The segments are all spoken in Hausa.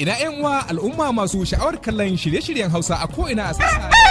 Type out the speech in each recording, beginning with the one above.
Ina 'yan uwa al'umma masu sha'awar kallon shirye-shiryen Hausa a ko'ina a sassa.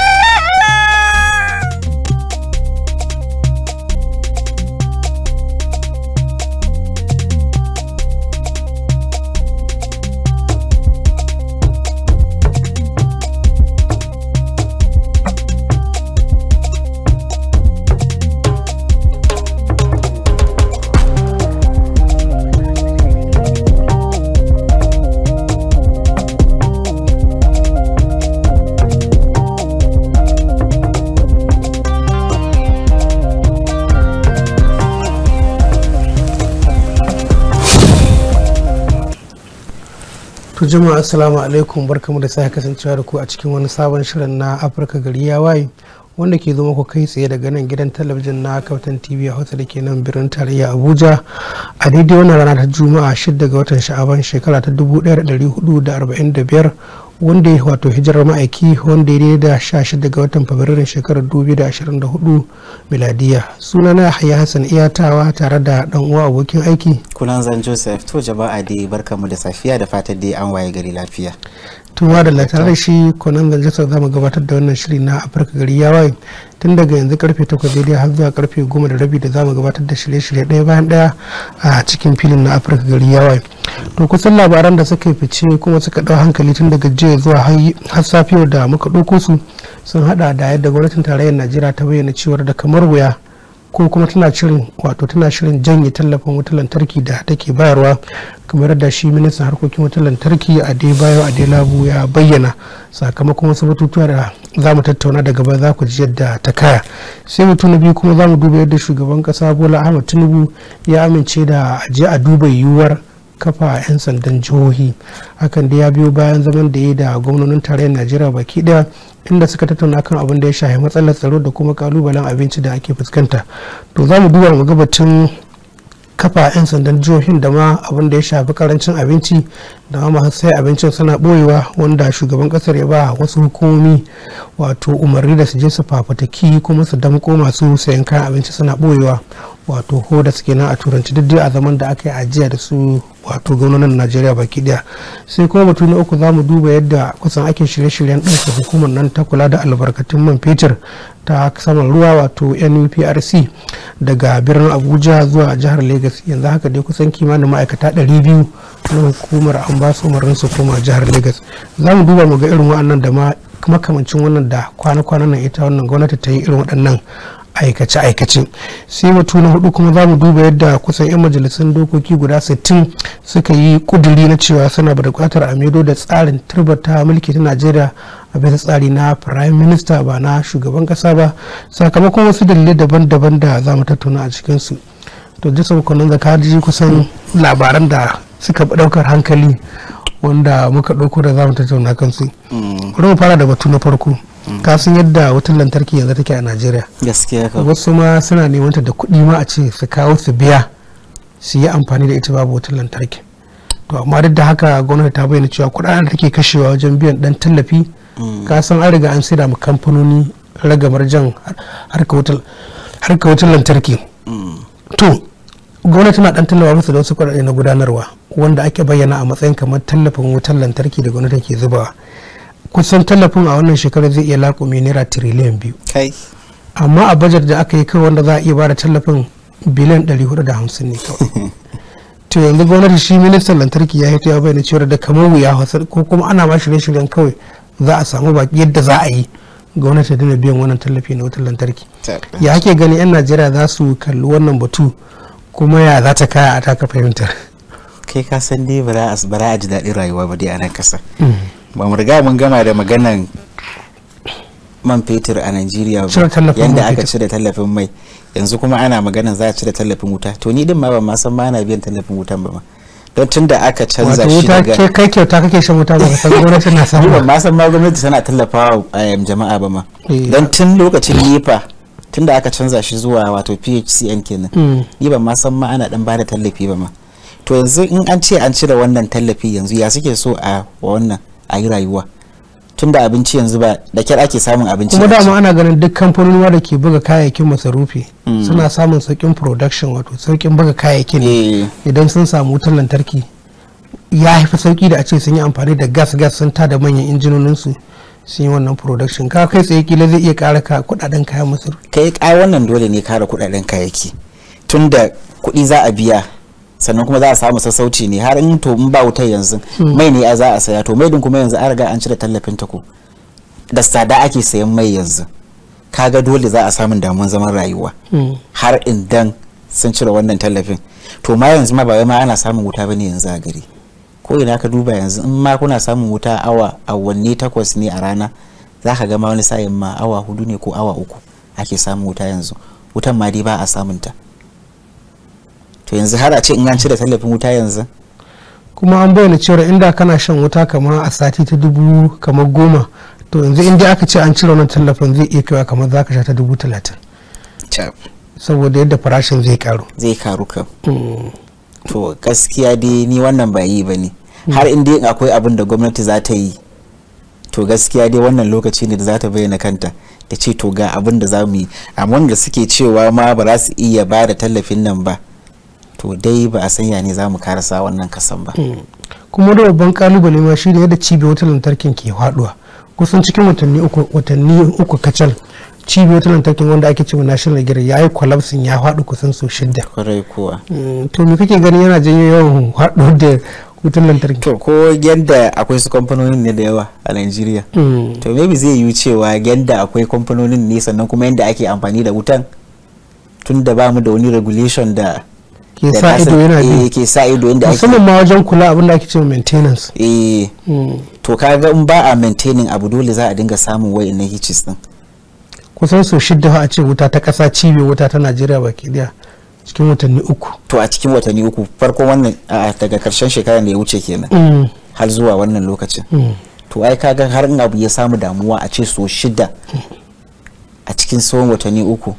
jama'a assalamu alaikum barkamu da sake kasancewa da ku a cikin wani sabon shirin na afirka gari ya waye wanda ke zo muku kai tsaye daga nan gidan talabijin na kaftan tv a hausa da ke nan birnin tarayya abuja a daidai wannan rana ta juma'a 6 ga watan sha'aban shekara ta 1445 wanda ya wato hijirar ma'aiki wanda ya da 16 daga watan fabrairun shekarar 2024 miladiya na haya hassan iyatawa tare da dan uwa abokin aiki kunan zan joseph to jama'a dai barkamu da safiya da fatan dai an waye gari lafiya tuwa da tare da shi kunan za mu gabatar da wannan shiri na afirka gari ya waye tun daga yanzu karfe takwas daidai har zuwa karfe goma da rabi da za mu gabatar da shirye-shirye ɗaya bayan ɗaya a cikin filin na afirka gari ya waye to kusan labaran da suka fice kuma suka ɗau hankali tun daga jiya zuwa har safiyar da muka ɗauko su sun hada da yadda gwamnatin tarayyar najeriya ta bayyana cewar da kamar wuya ko kuma tana shirin wato tana shirin janye tallafin wutar lantarki da take bayarwa kamar da shi ministan harkokin wutar lantarki a bayo a labu ya bayyana sakamakon wasu batutuwa da za mu tattauna daga baya za ku ji yadda ta kaya sai mutu na biyu kuma za mu duba yadda shugaban kasa bola ahmad tinubu ya amince da je a duba yiwuwar kafa a 'yan sandan jihohi hakan da ya biyo bayan zaman da ya da gwamnonin tarayyar najeriya baki daya inda suka tattauna kan abin da ya shafi matsalar tsaro da kuma kalubalen abinci da ake fuskanta to za mu duba mu batun kafa 'yan sandan jihohin da ma abin da ya shafi karancin abinci da ma masu sai abincin suna boyewa wanda shugaban kasar ya ba wasu hukumomi wato umarni da su je su fafataki kuma su damko masu sayan kayan abinci suna boyewa wato suke kenan a turanci duk a zaman da aka yi ajiya da su wato gwamnonin najeriya baki daya sai kuma batu na uku zamu duba yadda kusan ake shirye-shiryen ɗauke hukumar nan ta kula da albarkatun man fetur ta saman ruwa wato nuprc daga birnin abuja zuwa jihar lagos yanzu haka dai kusan kimanin ma'aikata 200 na hukumar an ba su umarnin su koma jihar lagos zamu duba mu ga irin wa'annan da ma makamancin wannan da kwana-kwanan nan ita wannan gwamnati ta yi irin waɗannan aikace-aikace sai mutu na hudu kuma za mu duba yadda kusan 'yan majalisun dokoki guda 60 suka yi kuduri na cewa suna da bukatar a maido da tsarin turbata mulki ta najeriya a bisa tsari na prime minister ba na shugaban kasa ba sakamakon wasu dalilai daban-daban da za mu tattauna a cikinsu to jisa kwanan zaka kusan labaran da suka daukar hankali wanda muka ɗauko da za mu tattauna kansu. Kuma mm. mu fara da batu na farko. ka san yadda wutar lantarki yanzu take a najeriya wasu ma suna neman ta da kuɗi ma a ce su kawo su biya su yi amfani da ita babu wutar lantarki to amma duk da haka gwamnati ta bayyana cewa kuɗaɗen da take kashewa wajen biyan ɗan tallafi mm. ka san an riga an saida mu kamfanoni ragamar jan harka wutar lantarki mm. to gwamnati tana dan tallafa musu da wasu kuɗaɗe na gudanarwa wanda ake bayyana a matsayin kamar tallafin wutar lantarki da gwamnati ke zubawa kusan tallafin a wannan shekarar zai iya lakumi naira tiriliyan biyu amma a bajet da aka yi kai wanda za a iya bada tallafin biliyan 450 ne kawai to yanzu gwamnati shi ministan lantarki ya hito ya bayyana cewa da kamar wuya ko kuma ana ba shirye-shiryen kawai za a samu baki yadda za a yi gwamnati da biyan wannan tallafi na wutar lantarki ya ake gani 'yan najeriya za su kalli wannan batu kuma ya za ta kaya a taka fahimtar kai ka san dai ba za a ji daɗin rayuwa ba dai a nan kasa mm. ba mu riga mun gama da maganan man fetur a Najeriya yadda yanda aka cire tallafin mai yanzu kuma ana maganan za a cire tallafin wuta to ni din ma ba ma san ma ana biyan tallafin wutan ba ma don tun da aka canza shi daga wato kai kyauta kake shan wuta ba san gwamnati na san ba ma san ma gwamnati tana tallafawa um, jama'a ba ma eh. don tun lokacin nepa tun da aka canza shi zuwa wato phcn kenan hmm. ni ba ma san ma ana dan bada tallafi ba ma to yanzu in an ce an cire wannan tallafi yanzu ya suke so a wannan a yi rayuwa tun da abinci yanzu ba da kyar ake samun abinci kuma dama ana ganin duk kamfanonuwa da ke buga kayayyakin masarufi mm. suna samun saukin production wato sauƙin buga kayayyakin eh. idan sun samu wutar lantarki ya haifi sauƙi da a ce sun yi amfani da gas gas sun ta da manyan injinoninsu sun yi wannan production ka kai tsaye kila zai iya ƙara ka kuɗaɗen kayan masarufi kai ai wannan dole ne kara kuɗaɗen kayayyaki tun da kuɗi za a biya sannan kuma za a samu sassauci ne har in to in ba wutar yanzu hmm. mai ne a za a saya to mai din kuma yanzu an riga an cire tallafin ta ko. da tsada ake sayan mai yanzu kaga dole za a samun damuwar zaman rayuwa hmm. har idan sun cire wannan tallafin to ma yanzu ma ba wai ma ana samun wuta bane yanzu a gari ko ina ka duba yanzu in ma kuna samun wuta awa awanni takwas ne a rana za ka gama wani sa'in ma awa hudu ne ko awa uku ake samun wuta yanzu wutan ma dai ba a samunta ta to yanzu har a ce in an cire tallafin wuta yanzu kuma an bayyana cewa inda kana shan wuta kamar a sati ta dubu kamar goma to yanzu inda aka ce an cire wannan tallafin zai iya kaiwa kamar za ka sha ta dubu talatin saboda yadda farashin zai karu zai karu ka mm. to gaskiya dai ni wannan ba yi ba ne har inda akwai abin da gwamnati za ta yi to gaskiya dai wannan lokaci ne da za ta bayyana kanta ta ce to ga abin da za mu yi amma wanda suke cewa ma ba za su iya ba da tallafin nan ba to dai ba a sanya ne za mu karasa wannan kasan ba hmm. kuma da babban kalubale ma ne yadda cibiyar wutar lantarkin ke faduwa kusan cikin watanni uku watanni uku kacal cibiyar wutar lantarkin wanda ake cewa national grid ya yi kwalabsin ya faɗi kusan sau shida kwarai kuwa hmm. to me kake ganin yana janyo yawan faɗo da wutar lantarki to ko yadda akwai su kamfanonin ne da yawa a Najeriya hmm. to maybe zai yi cewa yadda akwai kamfanonin ne sannan kuma yadda ake amfani da wutan tun da ba mu da wani regulation da ke sa ido yana bi eh, ke sa ido inda ake musamman ma wajen kula abin da ake cewa maintenance eh hmm. to kaga in ba a maintaining abu dole za a dinga samun wayannan hitches din kusan so shidda a ce wuta ta kasa cibe wuta ta Najeriya baki daya cikin watanni uku to a cikin watanni uku farko wannan daga karshen shekarar da ya wuce kenan hmm. har zuwa wannan lokacin hmm. to ai kaga har in abu ya samu damuwa a ce so shidda a cikin tsawon watanni uku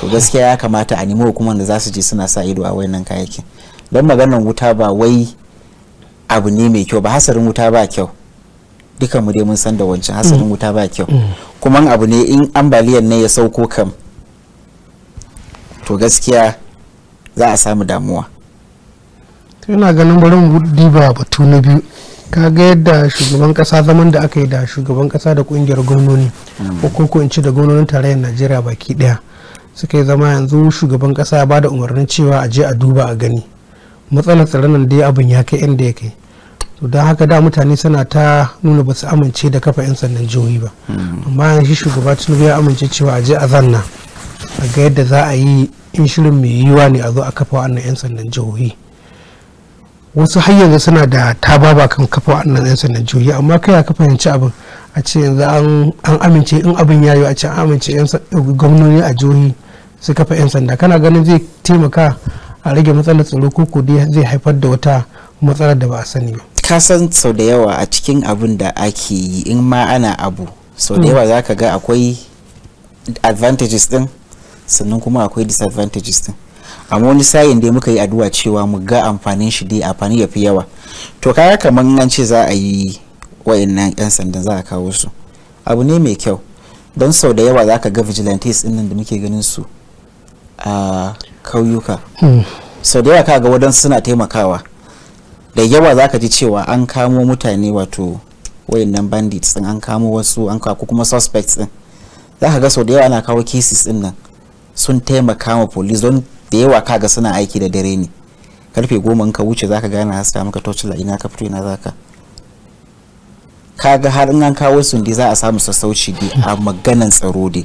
to gaskiya ya kamata a nemi hukumar da za su je suna sa ido a wayannan kayayyakin don maganar wuta ba wai abu ne mai kyau ba hasarin wuta ba kyau dukan mu dai mun san da wancan hasarin mm. wuta ba kyau mm. kuma abu ne in ambaliyar ne ya sauko kam to gaskiya za a samu damuwa ina ganin bari mu diba batu na biyu ga yadda shugaban kasa zaman da aka yi da shugaban kasa da kungiyar gwamnoni mm. ko ko in ci da gwamnonin tarayyar najeriya baki daya suka yi zama yanzu shugaban kasa ya bada umarnin cewa a je a duba a gani matsalar tsaron nan dai abin ya kai inda ya kai to don haka da mutane suna ta nuna ba su amince da kafa 'yan sandan jihohi ba hmm. amma yanzu shugaba tinubu ya amince cewa a je a zanna a ga yadda za a yi in shirin mai yiwuwa ne a zo a kafa wannan 'yan sandan jihohi wasu har yanzu suna da ta baba kan kafa wannan 'yan sandan jihohi amma kai kafa yanci abin a ce yanzu an amince in abin yi a ce an amince gwamnoni a jihohi su kafa 'yan sanda kana ganin zai taimaka a rage matsalar tsaro ko zai haifar da wata matsalar da ba a sani ba ka san sau da yawa a cikin abin da ake yi in ma ana abu sau da mm. yawa za ka ga akwai advantages din sannan kuma akwai disadvantages din amma wani sayin dai muka yi addu'a cewa mu ga amfanin shi dai amfani ya fi yawa to kaya kamar an ce za a yi nan yan sanda za a kawo su abu ne mai kyau don sau da yawa za ka ga vigilantes din da muke ganin su a kauyuka hmm. sau da yawa kaga wadansu suna taimakawa da yawa za ka ji cewa an kamo mutane wato wayannan bandits din an kamo wasu an kawo kuma suspects din za ka ga sau da yawa ana kawo cases din nan sun taimaka ma police don da yawa kaga suna aiki da dare ne karfe goma in ka wuce za ka gane hasta maka torchlight ina ka fito ina za ka kaga har in an kawo sundi za a samu sassauci dai a maganan tsaro dai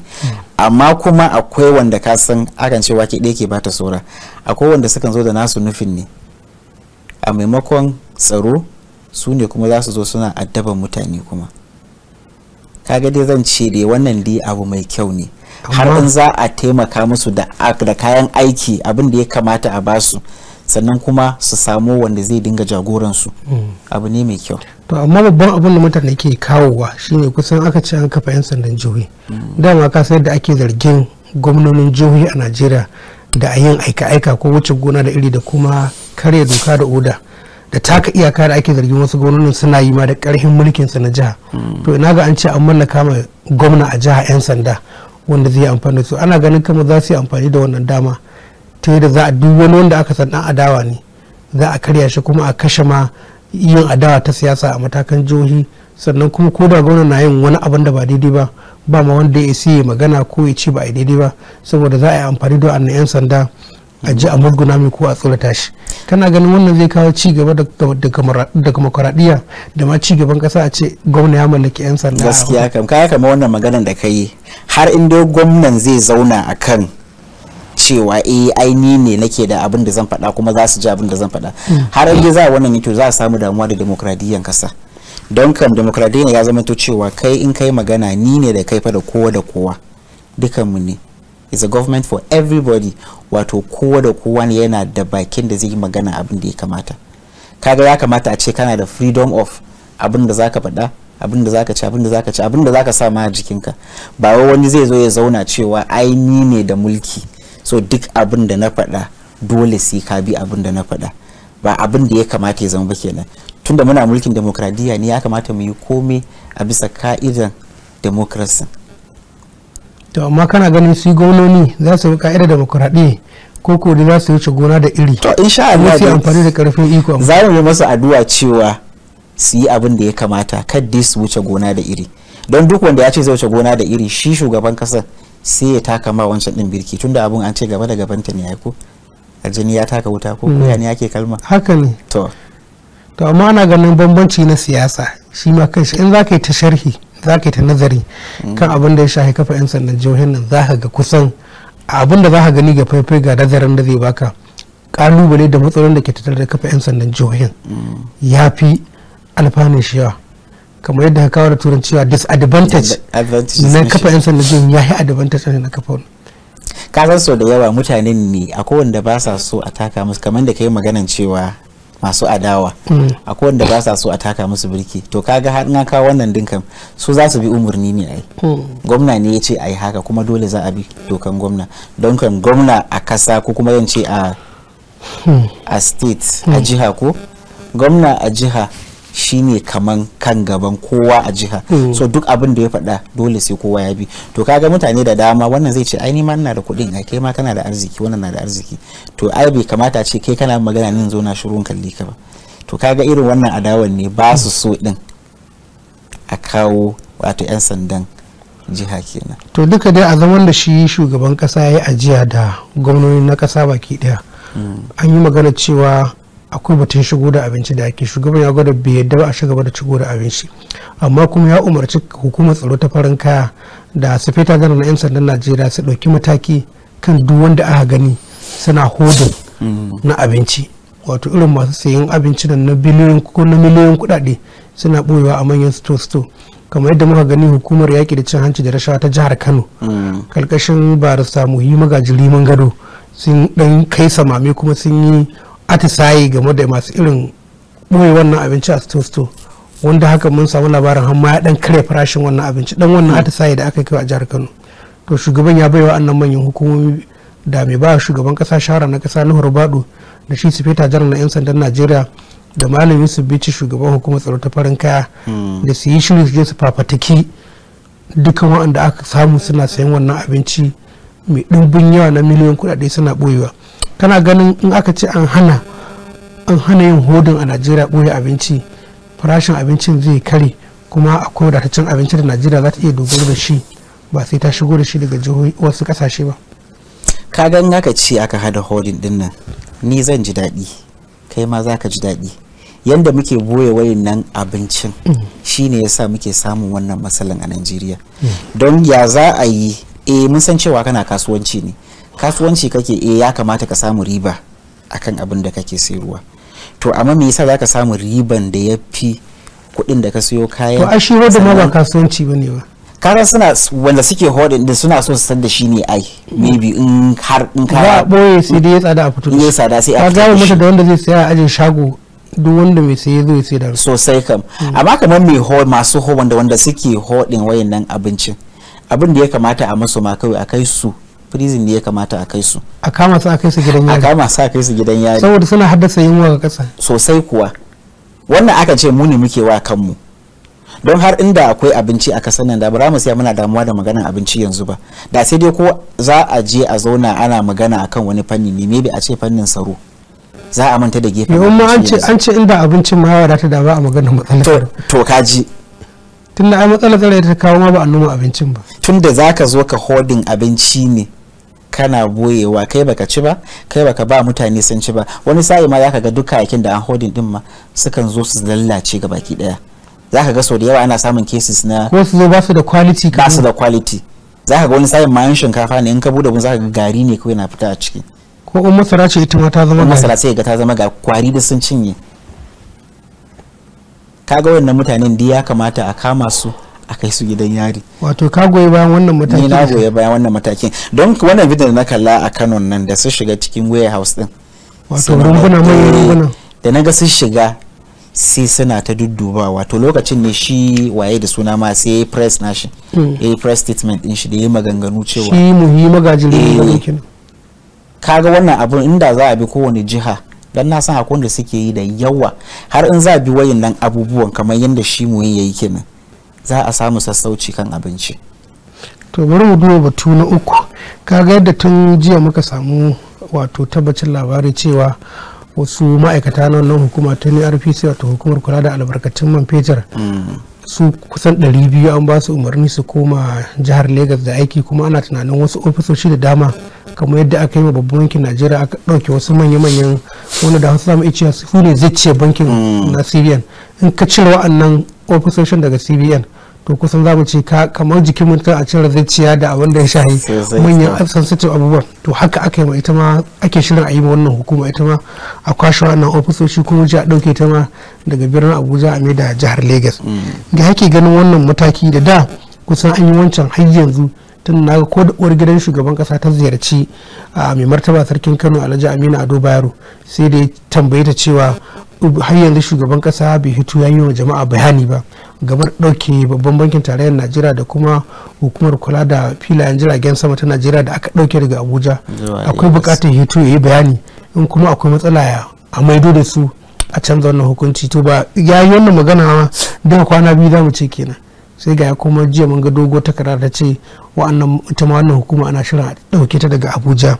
amma kuma akwai wanda ka san akan ce wake ɗaya ke bata saura akwai wanda sukan zo da nasu nufin ne a maimakon tsaro su ne kuma za su zo suna addaba mutane kuma kaga dai zan ce dai wannan dai abu mai kyau ne har in za a taimaka musu da kayan aiki abin da ya kamata a basu sannan kuma su samu wanda zai dinga jagoransu abu ne mai kyau to amma babban abin da mutane ke kawowa shine kusan aka ce an kafa 'yan sandan jihohi dama ka sai da ake zargin gwamnonin jihohi a najeriya da a yin aika-aika ko wuce gona da iri da kuma karya doka da oda da taka iyaka da ake zargin wasu gwamnonin suna yi ma da karhin mulkin su na jiha to ina ga an ce an mallaka ma gwamna a jiha 'yan sanda wanda zai amfani su ana ganin kama za su yi amfani da wannan dama ta yadda za a duk wani wanda aka san dan adawa ne za a karya shi kuma a kashe ma yin adawa ta siyasa a matakan jihohi sannan kuma ko da gwamnati na yin wani abin da ba daidai ba ba ma wanda ya siye magana ko ya ce ba a daidai ba saboda za a yi amfani da wannan yan sanda a ji a murguna mai ko a tsorata shi kana ganin wannan zai kawo ci gaba da kamakaradiyya da ma ci gaban kasa a ce gwamna ya mallaki yan sanda gaskiya kam kaya kamar wannan maganar da ka yi har inda gwamnan zai zauna akan cewa eh aini ne nake da abin da zan faɗa kuma za su ji abin da zan faɗa har yanzu za wannan to za a samu damuwa da demokradiyyar kasa don kam demokradiyya ya zama to cewa kai in kai magana ni ne da kai fa da kowa da kowa dukanmu ne is a government for everybody wato kowa da kowa ne yana da bakin da zai yi magana abin da ya kamata kaga ya kamata a ce kana da freedom of abin da zaka faɗa abin da zaka ci abin da zaka ci abin da zaka sa ma jikinka ba wai wani zai zo ya zauna cewa ai ni ne da mulki so duk abin da na faɗa dole sai ka bi abin da na faɗa ba abin da ya kamata ya zama ba kenan tunda muna mulkin demokradiyya ne ya kamata mu yi komai a bisa ka'idan demokrasi to amma kana ganin su gwamnoni za su bi ka'idar demokradiyya ko ko za su wuce gona da iri to insha Allah sai amfani da karfin iko za mu yi masa addu'a cewa su yi abin da ya kamata kada su wuce gona da iri don duk wanda ya ce zai wuce gona da iri shi shugaban kasar sai ya taka ma wancan din birki tunda abun an ce gaba da gabanta ne ya ko jini ya taka wuta ko mm. ya ne ake kalma haka ne to to amma ana ganin bambanci na siyasa shi ma shi in ka yi ta sharhi ka yi ta nazari mm. kan abin da ya shafi kafa yan sannan jihohin nan za ka ga kusan abin da za ka gani ga faifai ga nazarin da zai baka kalubale da matsalolin da ke tattare da kafa yan sannan jihohin mm. ya fi alfanun shi yawa kamar yadda ka kawo da turan cewa disadvantage na kafa yan sanda jin ya yi advantage na kafa wani ka san so da yawa mutanen ne akwai wanda ba sa so a taka musu kamar da ka yi maganan cewa masu adawa hmm. akwai wanda ba sa so a taka musu birki to kaga har na kawo wannan dinkan su za su bi umarni ne yi hmm. gwamna ne ya ce a yi haka kuma dole za a bi dokan gwamna don kan gwamna a kasa ko kuma yance ce hmm. a state a jiha ko gwamna a jiha shine kaman kan gaban kowa a jiha hmm. so duk abin da ya faɗa dole sai kowa ya bi to kaga mutane da dama wannan zai ce ai ma ina da kuɗin ai kai ma kana da arziki wannan na da arziki to ai bai kamata ce kai kana magana nan zo na shirun kalli ka ba to kaga irin wannan adawan ne ba su so din a kawo wato 'yan sandan jiha kenan to duka dai a zaman da shi shugaban kasa ya yi ajiya da gwamnoni na kasa baki daya hmm. an yi magana cewa akwai batun shigo da abinci da ake shugaban ya gwada bai yadda ba a shigaba da shigo da abinci amma kuma ya umarci hukumar tsaro ta farin kaya da su feta gana na 'yan sandan najeriya su ɗauki mataki kan duk wanda aka gani suna hodin mm. na abinci wato irin masu sayan abinci da na biliyoyin ko na miliyoyin kuɗaɗe suna ɓoyewa a manyan sito-sito kamar yadda muka gani hukumar yaƙi da cin hanci da rashawa ta jihar kano karkashin mm. barista muhimmi magajin liman gado sun ɗan kai samame kuma sun yi atisaye game da masu irin ɓoye wannan abinci a sto wanda haka mun samu labarin hamma ya dan karya farashin wannan abinci dan wannan atisaye da aka kai a jihar kano to shugaban ya baiwa annan manyan hukumomi da mai ba shugaban kasa shara na kasa na bado da shi sufeta jana na yan sandan najeriya da malam yusuf bici shugaban hukumar tsaro ta farin kaya hmm. da su yi shirin su je su fafataki dukkan waɗanda aka samu suna sayan wannan abinci mai ɗumbin yawa na miliyan kuɗaɗe suna ɓoyewa kana ganin in aka ce an hana an hana yin hodin a najeriya ɓoye abinci farashin abincin zai kare kuma akwai wadataccen abincin da najeriya za ta iya dogaro da shi ba sai ta shigo da shi daga jihohi wasu kasashe ba ka gan aka ce aka hada hodin din nan ni zan ji daɗi kai ma za ka ji daɗi yadda muke boye wayin nan abincin mm. shine yasa muke samun wannan matsalan a najeriya mm. don ya za a yi eh mun san cewa kana kasuwanci ne kasuwanci kake eh ya kamata ka samu riba akan abin da kake sayarwa to amma me yasa zaka samu riban da ya fi kuɗin da ka siyo kayan to shi wanda ma ba kasuwanci bane ba karan suna wanda suke hodin da suna so su san da shi ne ai maybe in har in ka ba boye sai dai ya tsada a fito ya tsada sai a fito ka ga mutum da wanda zai saya a ajin shago duk wanda mai saye zai sai da sosai kam hmm. amma kamar mai hold masu ho wanda wanda suke hodin wayannan abincin abin da ya kamata a masu ma kawai a kai su prison ne ya kamata a kai su a kama su a kai su gidan yari a kama su a kai su gidan yari saboda suna haddasa yunwa ga kasa sosai kuwa wannan aka ce mu ne muke wa kanmu don har inda akwai abinci a kasar nan da ba mu sai muna damuwa da maganar abinci yanzu ba da sai dai ko za a je a zauna ana magana akan wani fanni ne maybe a ce fannin tsaro za a manta da gefen yau ma an ce an ce inda abincin ma ya wadata da ba a magana matsalar to to kaji tunda ai matsalar tsare ta kawo ma ba a noma abincin ba tunda zaka zo ka holding abinci ne kana boyewa kai baka ci ba kai baka ba mutane sun ci ba wani sa'i ma zaka ga duk kayakin da an hodin din ma sukan zo su lallace ga baki daya zaka ga sau da yawa ana samun cases na ko su zo ba su da quality ba su da quality zaka ga wani sa'i ma yan shinkafa ne in ka bude mun zaka ga gari ne kawai na fita a ciki ko in masara ce ita ma ta zama masara sai ga ta zama ga kwari da sun cinye kaga wannan mutanen da ya kamata a kama su a kai su gidan yari wato ka goyi bayan wannan matakin ni na goyi bayan wannan matakin don wannan bidiyon da na kalla a Kano nan da su shiga cikin warehouse din wato rumbuna mai rumbuna da na ga sun shiga sai suna ta dudduba wato lokacin ne shi waye da suna ma sai yayi press nashi eh hmm. press statement din shi da yayi maganganu cewa shi muhimmi magajin ne eh, kaga wannan abun inda za a bi kowane jiha dan na san akwai da suke yi da yawa har in za a bi wayin nan abubuwan kamar yadda shi muhimmi yayi kenan za a samu sassauci kan abinci to bari mu duba batu na uku ka ga yadda tun jiya muka samu wato tabbacin labari cewa wasu ma'aikata na wannan hukuma ta nrpc wato hukumar kula da albarkatun man fetur mm. su kusan 200 an ba su umarni su koma jihar legas da aiki kuma ana tunanin wasu ofisoshi da dama kamar yadda aka yi wa babban bankin najeriya aka ɗauke wasu manya-manyan wanda da hausa zamu iya su ne zai ce bankin mm. Nasirian in ka cire wa'annan ofisoshin daga cbn to kusan za mu ce kamar jikin mutum a cire ciya da abin da ya shahi manyan sensitive abubuwan to haka aka yi ita ma ake shirin a yi wannan hukuma ita ma a kwashe wannan ofisoshi kuma ji a dauke ta ma daga birnin abuja a mm. da jihar lagos da yake ganin wannan mataki da da kusan an yi wancan har yanzu tun na ko da uwar gidan shugaban kasa ta ziyarci a mai martaba sarkin kano alhaji aminu ado bayero sai da ya tambaye ta cewa har yanzu shugaban kasa bai hito ya yi wa jama'a bayani ba gabar ɗauke babban bankin tarayyar najeriya da kuma hukumar kula da filayen jiragen sama ta najeriya da aka ɗauke daga abuja akwai buƙatar hito ya yi bayani in kuma akwai matsala a maido da su a canza wannan hukunci to ba ya yi wannan magana ma daga kwana biyu za mu ce kenan sai ga ya kuma jiya mun ga dogo takarda ta ce wa'annan ita ma wannan hukuma ana shirin ɗauke ta daga abuja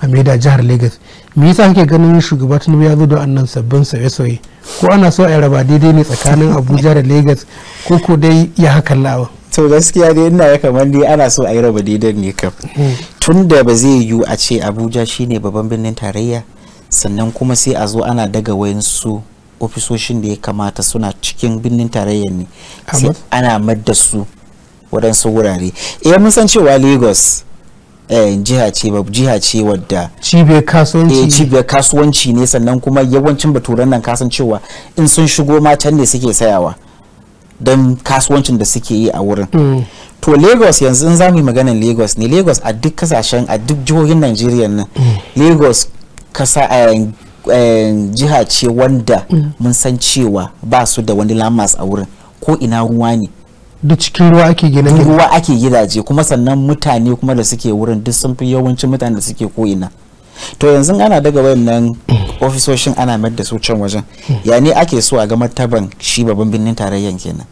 a maida jihar Legas. me yasa kake ganin shugaba tinubu ya zo da annan sabbin sauye-sauye ko ana so a raba daidai ne tsakanin abuja da lagos ko ko dai ya haka lawa to gaskiya dai ina ya kamar dai ana so a yi raba daidai ne kam hmm. tun da ba zai yiwu a ce abuja shine babban birnin tarayya sannan kuma sai a zo ana daga wayansu ofisoshin da ya kamata suna cikin birnin tarayya ne sai ana madda su waɗansu wurare eh mun san cewa lagos Eh, jiha ce ba jiha ce wadda cibiyar kasuwanci eh cibiyar kasuwanci ne sannan kuma yawancin baturan nan kasan cewa in sun shigo ma can ne suke sayawa don kasuwancin da suke yi a wurin hmm. to lagos yanzu in za mu yi maganar lagos ne lagos a duk kasashen a duk jihohin najeriya nan hmm. lagos kasa eh, eh, jiha ce wanda hmm. mun san cewa ba su da wani lamas a wurin ko ina ruwa ne duk cikin ruwa ake gina gidaje ruwa ake gidaje kuma sannan mutane kuma da suke wurin duk sun fi yawancin mutane da suke ko'ina to yanzu ana daga wayannan ofisoshin ana mayar da su can wajen ya ne ake so a ga martaban shi babban birnin tarayyan kenan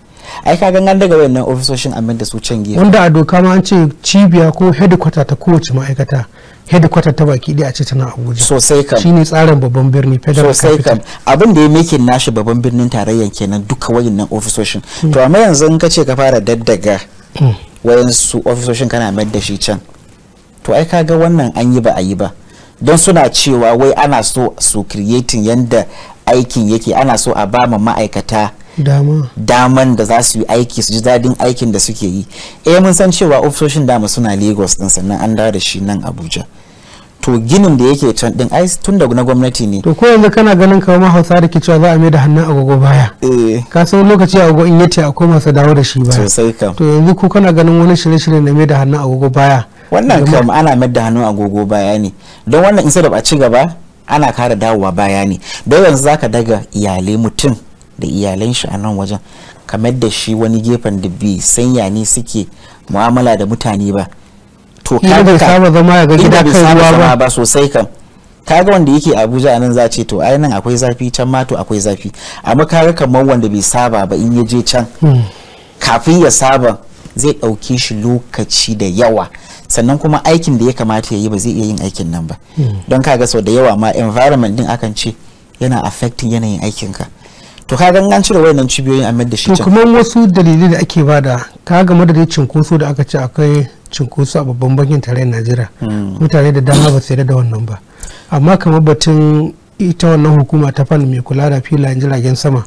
ai ka gangan daga wayannan ofisoshin a mayar da su can gefe wanda a doka ma an ce cibiya ko headquarter ta kowace ma'aikata headquarter ta baki ɗaya a ce tana abuja sosai kam ne tsarin babban birni federal sosai kam abin da ya make nashi babban birnin tarayyan kenan duka nan ofisoshin to amma yanzu in ka ce ka fara daddaga hmm. wayansu ofisoshin kana mayar da shi can to ai ga wannan an yi ba a yi ba don suna cewa wai ana so su creating yanda aikin yake ana so a ba ma ma'aikata daman da za su yi aiki su ji daɗin aikin da suke yi eh mun san cewa ofisoshin dama suna lagos din sannan an da shi nan abuja to ginin da yake can din ai tun da na gwamnati ne to ko yanzu kana ganin kawo ma hausa da ke cewa za a mai da hannun agogo baya eh ka san lokaci agogo in yace akwai masu dawo da shi baya sai kam to yanzu ko kana ganin wani shirye-shirye da mai da hannun agogo baya wannan kam ana mai da hannun agogo baya ne don wannan in sai da ba ci gaba ana kara dawowa baya ne don yanzu zaka daga iyalai mutum da iyalan shi a nan wajen kamar da shi wani gefen da bai sanya ne suke mu'amala da mutane ba to ka bai saba zama ba sosai ka kaga wanda yake abuja a nan za ce to ai akwai zafi can ma to akwai zafi amma kaga kamar wanda bai saba ba in ya je can hmm. kafin ya saba zai ɗauki shi lokaci da yawa sannan kuma aikin da ya kamata ya yi ba zai iya yin aikin nan ba hmm. don kaga sau da yawa ma environment din akan ce yana affecting yanayin aikinka to ka gan cire wayannan cibiyoyin a da shi to kuma wasu dalilai da ake bada ka ga da cinkoso da aka ce akwai cinkoso a babban bankin tarayyar Najeriya hmm. mutane da dama ba su da wannan ba amma kamar batun ita wannan hukuma ta fal mai kula da filayen jiragen sama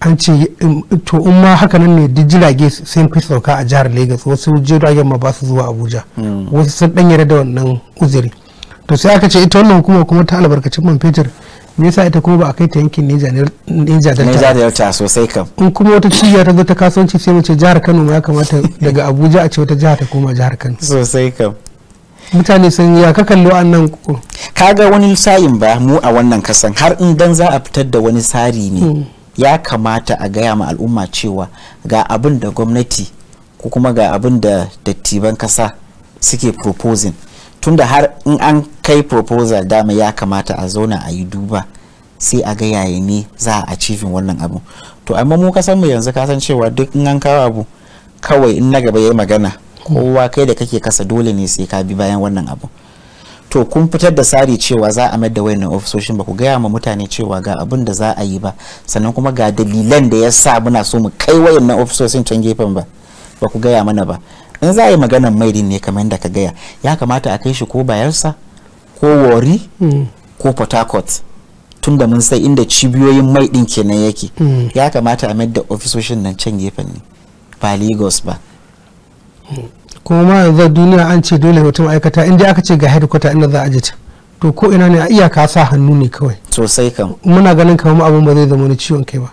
an ce um, to in ma haka nan ne duk jirage sun fi sauka a jihar Lagos wasu jiragen ma ba su zuwa Abuja hmm. wasu sun dan yarda da wannan uzuri to sai aka ce ita wannan hukuma kuma ta albarkacin man fetur me yasa ita kuma ba a kai ta yankin Neja Delta Neja sosai kam in kuma wata cibiya ta zo ta kasuwanci sai mu jihar Kano ya kamata daga Abuja a ce wata jihar ta koma jihar Kano sosai kam mutane sun ya ka kallo annan ko kaga wani sayin ba mu a wannan kasan har in dan za a fitar da wani tsari ne hmm. ya kamata a gaya ma al'umma cewa ga abin da gwamnati ko kuma ga abin da dattiban kasa suke proposing tunda har in an kai proposal dama ya kamata a zauna a yi duba sai a ga yaya ne za a achieve wannan abu to amma mu kasan mu yanzu kasan cewa duk in an kawo abu kawai in na gaba yayi magana kowa kai da kake kasa dole ne sai ka bi bayan wannan abu to kun fitar da sari cewa za a da wayannan ofisoshin ba ku gaya ma mutane cewa ga abin da za a yi ba sannan kuma ga dalilan da ya sa muna so mu kai wayannan ofisoshin can gefen ba ba ku gaya mana ba in za a yi maganar maidin ne kamar yadda ka gaya ya kamata a kai shi ko bayarsa ko wari ko port harcourt tun da mun sai inda cibiyoyin mai ɗin kenan yake mm. ya kamata a da ofisoshin nan can gefen ne ba lagos ba mm. kuma yanzu duniya an ce dole mutum aikata inda aka ce ga headquarter inda za a je ta to ko ina ne a iyaka sa hannu ne kawai sosai kam muna ganin kamar abin ba zai zama na ciwon kai ba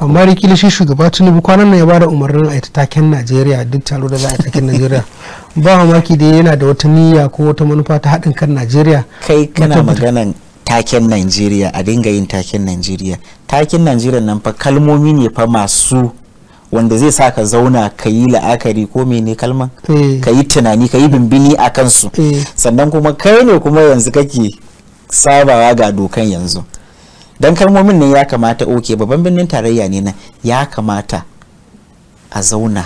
amma rikili shi shugaba tinubu kwanan nan ya bada umarnin a taken najeriya duk taro da za a taken najeriya ba mamaki da yana da wata niyya ko wata manufa ta haɗin kan najeriya kai kana maganan taken najeriya a dinga yin taken najeriya taken najeriya nan fa kalmomi ne fa masu wanda zai sa ka zauna ka yi la'akari ko mene kalman eh. ka yi tunani ka yi bimbini a kansu eh. sannan kuma kai ne kuma yanzu kake sabawa ga dokan yanzu Dan kalmomin ne ya kamata oke babban birnin tarayya ne na ya kamata a zauna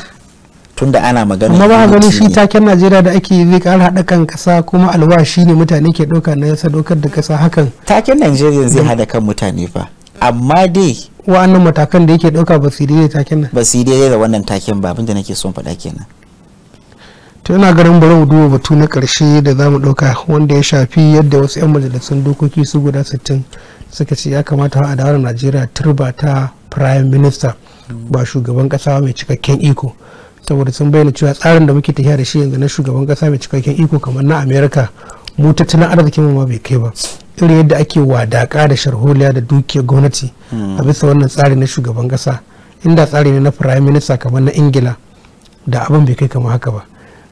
tunda ana magana amma ba ganin shi taken najeriya da ake zai kara haɗa kan kasa kuma alwashi ne mutane ke ɗauka na yasa ɗaukar da kasa hakan taken najeriya zai mm. hada kan mutane fa amma dai wa'annan matakan da yake dauka ba su daidai taken nan ba su da wannan taken ba abinda nake son faɗa kenan to ina garin bari mu duba batu na karshe da za mu dauka wanda ya shafi yadda wasu 'yan majalisun dokoki su guda 60 suka ce ya kamata a dawar najeriya turba ta prime minister ba shugaban ƙasa mai cikakken iko saboda sun bayyana cewa tsarin da muke tafiya da shi yanzu na shugaban kasa mai cikakken iko kamar na america mu tattalin arzikin mu ma bai kai ba irin yadda ake wadaƙa da sharholiya da dukiyar gwamnati a bisa wannan tsari na shugaban kasa inda tsari ne na firayim minista kamar na ingila da abin bai kai kama haka ba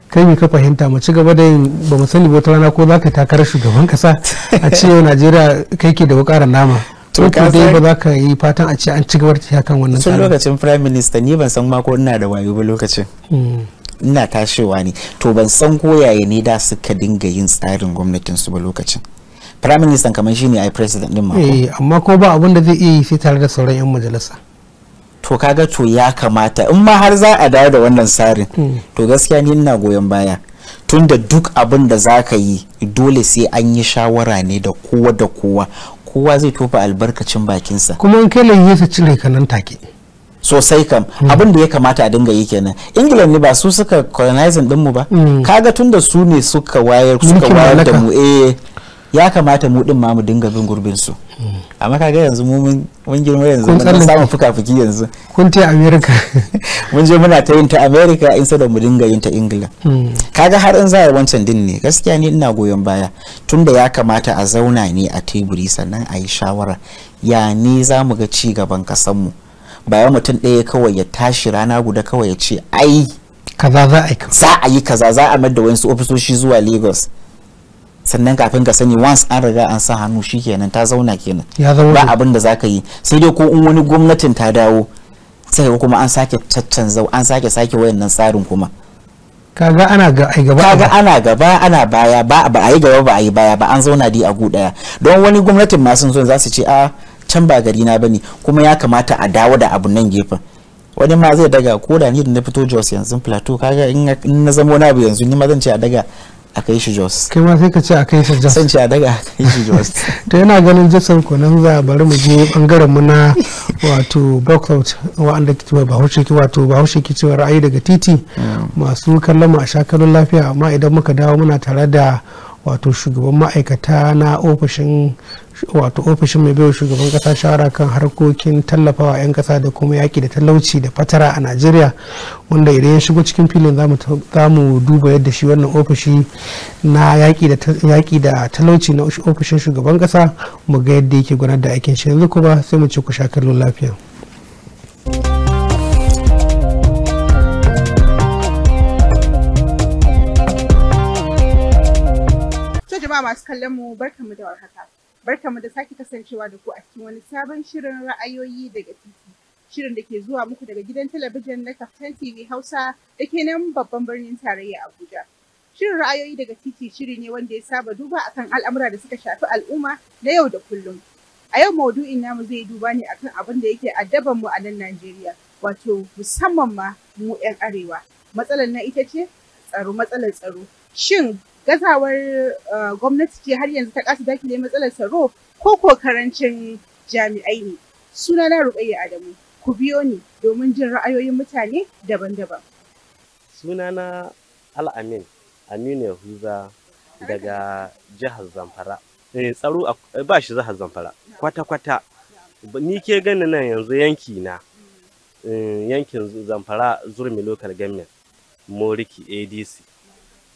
kai mai ka fahimta mu ci gaba da yin ba mu sani wata rana ko zaka takarar shugaban kasa a ce yau najeriya kai ke da wukarar nama to ka dai ba za ka yi fatan a ce an ci gaba da kan wannan tun lokacin prime minister ni ban san ma ko ina da wayo ba lokacin hmm. ina tashewa ne to ban san ko yaya ne da suka dinga yin tsarin gwamnatin su ba lokacin prime minister kamar shi ne ai president din ma eh amma ko ba abin da zai iya yi sai tare da sauran yan majalisa to kaga to ya kamata in ma har za a dawo da wannan tsarin hmm. to gaskiya ni ina goyon baya tunda duk abin da za ka yi dole sai an yi shawara ne da kowa da kowa kowa zai tofa albarkacin bakinsa kuma in kai lanye su cire ka nan take sosai kam hmm. abin da ya kamata a dinga yi kenan england ne ba su suka colonizing dinmu ba mm. kaga tunda su ne suka wayar suka wayar da mu eh ya kamata mu din ma mu dinga bin gurbin su amma kaga yanzu mu mun girma yanzu mun samu fuka-fuki yanzu kun ta america mun je muna ta yin ta america in da mu dinga yin ta ingila hmm. kaga har in za a wancan din ne gaskiya ni ina goyon baya tunda ya kamata a zauna ne a teburi sannan a yi shawara ya ne za mu ga ci gaban mu ba ya mutum ɗaya kawai ya tashi rana guda kawai ya ce ai kaza za a yi kaza za a yi kaza za a da wasu ofisoshi zuwa lagos sannan kafin ka sani once an riga an sa hannu shikenan ta zauna kenan ba abin da zaka yi sai dai ko in wani gwamnatin ta dawo sai kuma an sake caccanza an sake sake wayannan tsarin kuma kaga ana ga ai gaba kaga ana gaba ana baya ba ba ai gaba ba ai baya ba an zauna dai a gu daya don wani gwamnatin ma sun zo za su ce a can ba gari na bane kuma ya kamata a dawo da abun nan gefen wani ma zai daga ko da ni da na fito Jos yanzu plateau kaga in na zama wani abu yanzu ni ma zan ce a daga a kai shi jos kai ma sai ka ce a kai shi jos sai ce a daga a kai shi jos to yana ganin jason kunan za bari mu je bangaren mu na wato box bockout wa'anda ke cewa bahaushe ki wato bahaushe ki cewa ra'ayi daga titi mm. masu kallon mu a shakalin lafiya amma idan muka dawo muna tare da wato shugaban ma'aikata na ofishin wato ofishin mai baiwa shugaban kasa shawara kan harkokin tallafawa 'yan kasa da kuma yaki da talauci da fatara a najeriya wanda idan ya shigo cikin filin za mu duba yadda shi wannan ofishi na yaki da talauci na ofishin shugaban kasa mu ga yadda yake gudanar da aikin shi yanzu kuma sai mu ci ku sha kallon lafiya jama'a masu kallon mu barkamu da warhaka. Barkamu da sake kasancewa da ku a cikin wani sabon shirin ra'ayoyi daga titi. Shirin da ke zuwa muku daga gidan talabijin na Kaftan TV Hausa da ke nan babban birnin tarayya Abuja. Shirin ra'ayoyi daga titi shiri ne wanda ya saba duba akan al'amura da suka shafi al'umma na yau da kullum. A yau maudu'in namu zai duba ne akan abin da yake addaban mu a nan Najeriya, wato musamman ma mu 'yan arewa. Matsalar na ita ce tsaro matsalar tsaro Shin gazawar eh, gwamnati ce har yanzu ta kasa dakile matsalar tsaro ko ko karancin jami'ai ne? suna na Ruƙayya Adamu, ku biyo ni domin jin ra'ayoyin mutane daban-daban. Suna na Al'amin, Aminu Yahuza daga jihar Zamfara. Eh, tsaro eh, ba shi jihar Zamfara, kwata-kwata. Ni ke gani nan yanzu yanki na, yankin Zamfara Zurmi Local Government, Moriki ADC.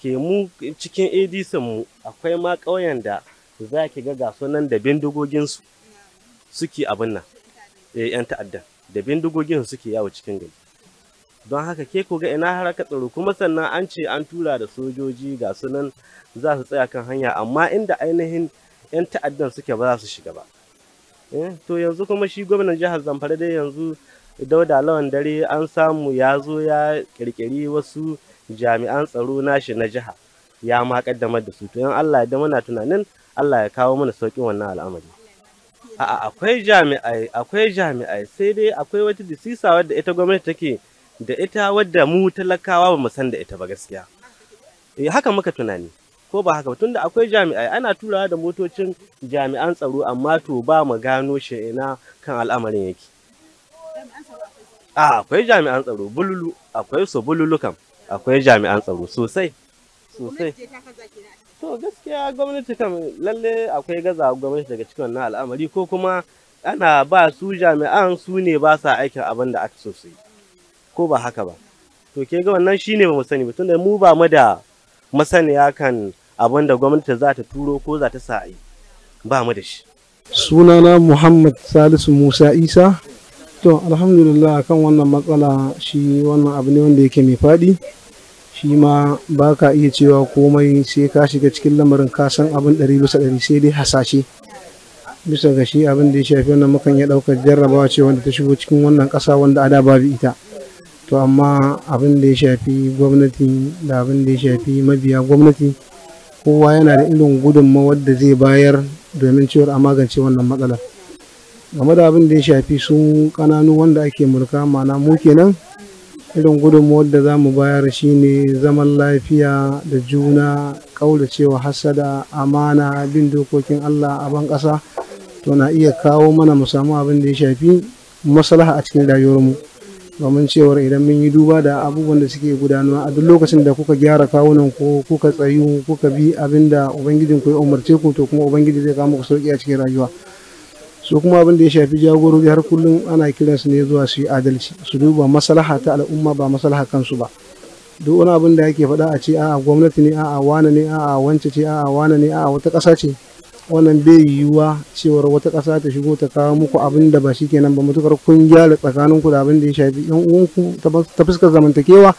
ke mu cikin adc mu akwai ma ƙauyen da za ki ga gaso nan da bindigoginsu suke abin nan Eh yan ta'adda da bindigogin suke yawo cikin gari don haka ke ku ga ina ka tsaro kuma sannan an ce an tura da sojoji ga su nan za su tsaya kan hanya amma inda ainihin yan ta'addan suke ba za su shiga ba eh, to yanzu kuma shi gwamnan jihar zamfara dai yanzu dauda lawan dare an samu ya zo ya kirkiri wasu jami'an tsaro nashi na jiha ya ma kaddamar da su to in Allah da muna tunanin Allah ya kawo mana sauƙin wannan al'amari a'a akwai jami'ai akwai jami'ai sai dai akwai wata disisa wadda ita gwamnati take da ita wadda mu talakawa ba mu san da ita ba gaskiya eh haka muka tunani ko ba haka tunda akwai jami'ai ana turawa da motocin jami'an tsaro amma to ba mu gano shi ina kan al'amarin yake a akwai jami'an tsaro bululu akwai su bululu akwai jami'an tsaro sosai sosai to gaskiya gwamnati kam lalle akwai gaza gwamnati daga cikin wannan al'amari ko kuma ana ba su jami'an su ne ba sa aikin abin da aka so su ko ba haka ba to ke ga wannan shine ba mu sani ba tunda mu ba mu da masaniya kan abin da gwamnati za ta turo ko za ta sa yi ba mu da shi sunana muhammad salisu musa isa to alhamdulillah kan wannan matsala shi wannan abu ne wanda yake mai faɗi shi ma ba ka iya cewa komai sai ka shiga cikin lamarin ka san abin ɗari bisa ɗari sai dai hasashe bisa ga shi abin da ya shafi wannan mukan ya ɗaukar jarrabawa ce wanda ta shigo cikin wannan ƙasa wanda ada babu ita to amma abin da ya shafi gwamnati da abin da ya shafi mabiya gwamnati kowa yana da irin gudunmawar da zai bayar domin cewar a magance wannan matsalar game da abin da ya shafi su kananu wanda ake mulka mana mu kenan irin gudunmuwar da za mu bayar shi ne zaman lafiya da juna kaulacewa hasada amana bin dokokin allah a ban ƙasa to na iya kawo mana mu samu abin da ya shafi maslaha a cikin rayuwarmu domin cewar idan mun yi duba da abubuwan da suke gudanuwa a duk lokacin da kuka gyara kawunan ko kuka tsayu kuka bi abin da ubangijin ku ya umarce ku to kuma ubangiji zai kawo muku sauki a cikin rayuwa su kuma abin da ya shafi jagorori har kullum ana kiran su ne zuwa su yi adalci su duba maslaha ta al'umma ba maslaha kansu ba duk wani abin da ake faɗa a ce a'a gwamnati ne a'a wane ne a'a wance ce a'a wane ne a'a wata ƙasa ce wannan bai yiwuwa cewar wata ƙasa ta shigo ta kawo muku abin da ba shi kenan ba matukar kun gyara tsakanin ku da abin da ya shafi yan uwanku ta fuskar zamantakewa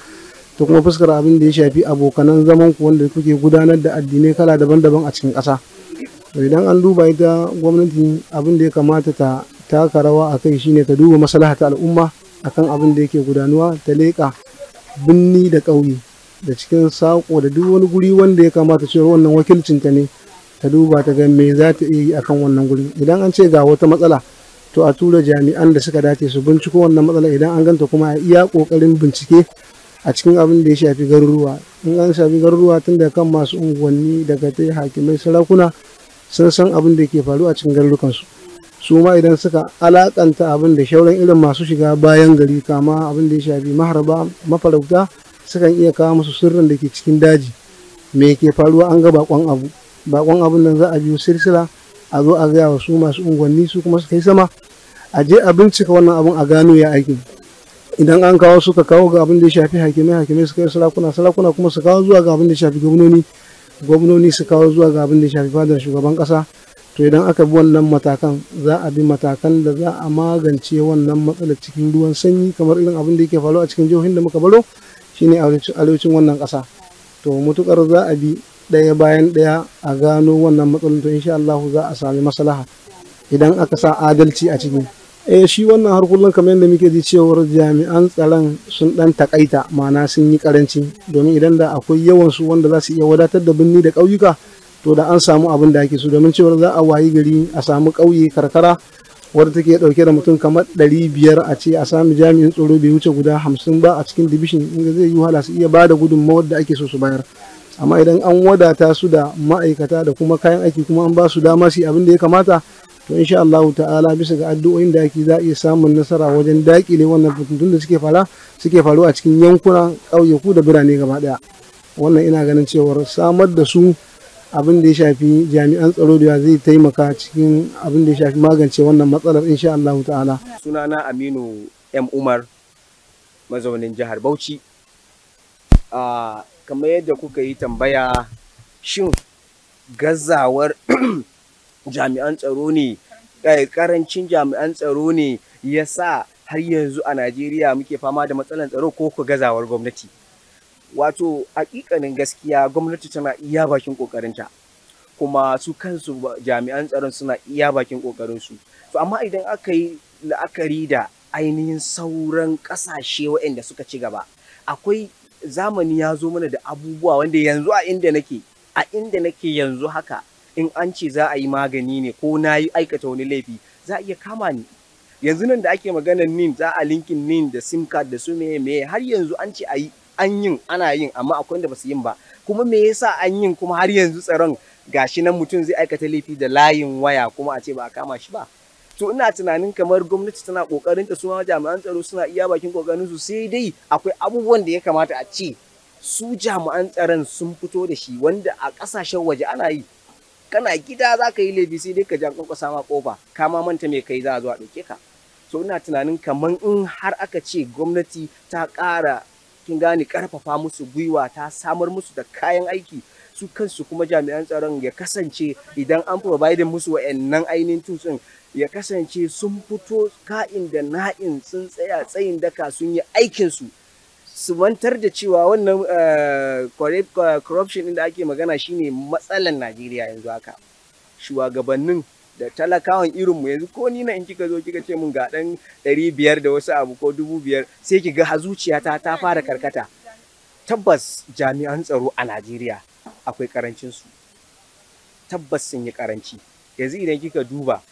ta kuma fuskar abin da ya shafi abokanan zaman ku wanda kuke gudanar da addinai kala daban-daban a cikin ƙasa to idan an duba ita gwamnati abin da ya kamata ta taka rawa a kai shine ta duba maslahata al'umma akan abin da yake gudanuwa ta leƙa binni da ƙauye da cikin saƙo da duk wani guri wanda ya kamata cewa wannan wakilcin ta ne ta duba ta ga me za ta iya yi akan wannan guri idan an ce ga wata matsala to a tura jami'an da suka dace su binciko wannan matsala idan an ganta kuma a iya kokarin bincike a cikin abin da ya shafi garuruwa in an shafi garuruwa tun da kan masu unguwanni daga ta hakimai sarakuna sun san abin da ke faru a cikin garurukansu su ma idan suka alakanta abin da shauran irin masu shiga bayan gari kama abin da ya shafi maharba mafarauta sukan iya kawo musu sirrin da ke cikin daji me ke faruwa an ga bakon abu bakon abin nan za a biyo silsila a zo a gaya wa su masu unguwanni su kuma su kai sama a je a bincika wannan abin a gano ya aikin idan an kawo suka kawo ga abin da ya shafi hakimai hakimai su kai sarakuna sarakuna kuma su kawo zuwa ga abin da ya shafi gwamnoni gwamnoni su kawo zuwa ga abin da shafi fadar shugaban kasa to idan aka bi wannan matakan za a bi matakan da za a magance wannan matsalar cikin ruwan sanyi kamar irin abin da yake falo a cikin jihohin da muka baro shine arewacin wannan kasa to mutukar za a bi ɗaya bayan ɗaya a gano wannan matsalar, to insha Allah za a sami maslaha idan aka sa adalci a ciki eh shi wannan har kullum kamar yadda muke ji cewar jami'an tsaron sun dan takaita ma'ana sun yi karanci domin idan da akwai yawan su wanda za su iya wadatar da birni da ƙauyuka to da an samu abin da ake so domin cewar za a wayi gari a samu ƙauye karkara wadda take dauke da mutum kamar ɗari biyar a ce a sami jami'in tsoro bai wuce guda hamsin ba a cikin dibishin inda zai yi wahala su iya ba da gudunmawar da ake so su bayar amma idan an wadata su da ma'aikata da kuma kayan aiki kuma an ba su dama su abin da ya kamata to insha Allah ta'ala bisa ga addu'o'in da ake za a iya samun nasara wajen dakile wannan fitintun da suke fara suke faruwa a cikin yankuna ƙauyaku da birane gaba ɗaya wannan ina ganin cewar samar da su abin da ya shafi jami'an tsaro da zai taimaka cikin abin da ya shafi magance wannan matsalar insha Allah ta'ala sunana Aminu M Umar mazaunin jihar Bauchi a kamar yadda kuka yi tambaya shin gazawar jami'an tsaro ne Eh, karancin jami'an tsaro ne ya sa har yanzu a Najeriya muke fama da matsalar tsaro ko ku gazawar gwamnati. Wato hakikanin gaskiya gwamnati tana iya bakin kokarinta kuma su kansu jami'an tsaron suna iya bakin kokarinsu. To amma idan aka yi la'akari da ainihin sauran kasashe waɗanda suka ci gaba akwai zamani ya zo mana da abubuwa wanda yanzu a inda nake a inda nake yanzu haka in an ce za a yi magani ne ko na yi aikata wani laifi za a iya kama ni yanzu nan da ake maganar nin za a linkin nin da sim card da su meye meye har yanzu an ce a yi an yin ana yin amma akwai wanda ba su yin ba kuma me yasa an yin kuma har yanzu tsaron gashi nan mutum zai aikata laifi da layin waya kuma a ce ba a kama shi ba to ina tunanin kamar gwamnati tana kokarin ta suma jami'an tsaro suna iya bakin kokarin su sai dai akwai abubuwan da ya kamata a ce su jami'an tsaron sun fito da shi wanda a kasashen waje ana yi kana gida za ka yi laifi sai dai ka jan kwankwasa ma ƙofa ka ma manta me kai za a zo a ɗauke ka so ina tunanin kamar in har aka ce gwamnati ta ƙara kin gane ƙarfafa musu gwiwa ta samar musu da kayan aiki su kansu kuma jami'an tsaron ya kasance idan an provide musu wa'annan ainihin tutsun ya kasance sun fito ka'in da na'in sun tsaya tsayin daka sun yi aikinsu su mantar da cewa wannan eh, eh, corruption din da ake magana shine matsalan Najeriya yanzu haka shugabannin da talakawan irinmu. yanzu ko ni in kika zo kika ce mun ga dan ɗari biyar da wasu abu ko dubu biyar sai ki ga zuciyata ta fara karkata tabbas jami'an tsaro a Najeriya akwai karancin tabbas sun yi karanci yanzu idan kika duba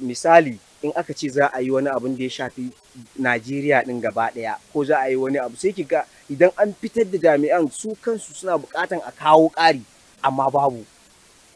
misali in aka ce za a yi wani abun da ya shafi Najeriya din gaba ɗaya ko za a yi wani abu sai ki ga idan an fitar da jami'an su kansu suna bukatan a kawo ƙari amma babu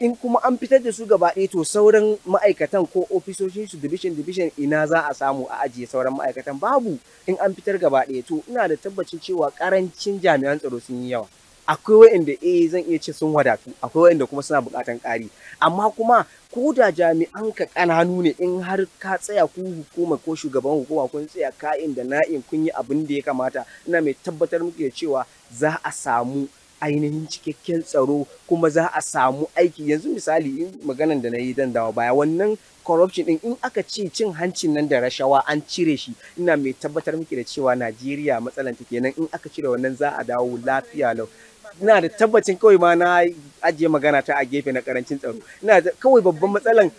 in kuma an fitar da su gaba ɗaya to sauran ma'aikatan ko ofisoshin su division division ina za a samu a ajiye sauran ma'aikatan babu in an fitar gaba ɗaya to ina da tabbacin cewa karancin jami'an tsaro sun yi yawa akwai wa'inda eh zan iya ce sun wadatu akwai wa'inda kuma suna bukatan ƙari amma kuma ko da jami'an ka ƙananu ne in har ka tsaya ku hukuma ko shugaban hukuma kun tsaya ka'in da na'in kun yi abin da ya kamata ina mai tabbatar muku da cewa za a samu ainihin cikakken tsaro kuma za a samu aiki yanzu misali in maganan da na yi dan dawa baya wannan corruption din in aka ce cin hancin nan da rashawa an cire shi ina mai tabbatar miki da cewa Najeriya matsalan ta kenan in aka cire wannan za a dawo lafiya lau ina da tabbacin kawai ma na ajiye magana ta a gefe na karancin tsaro ina kawai babban matsalan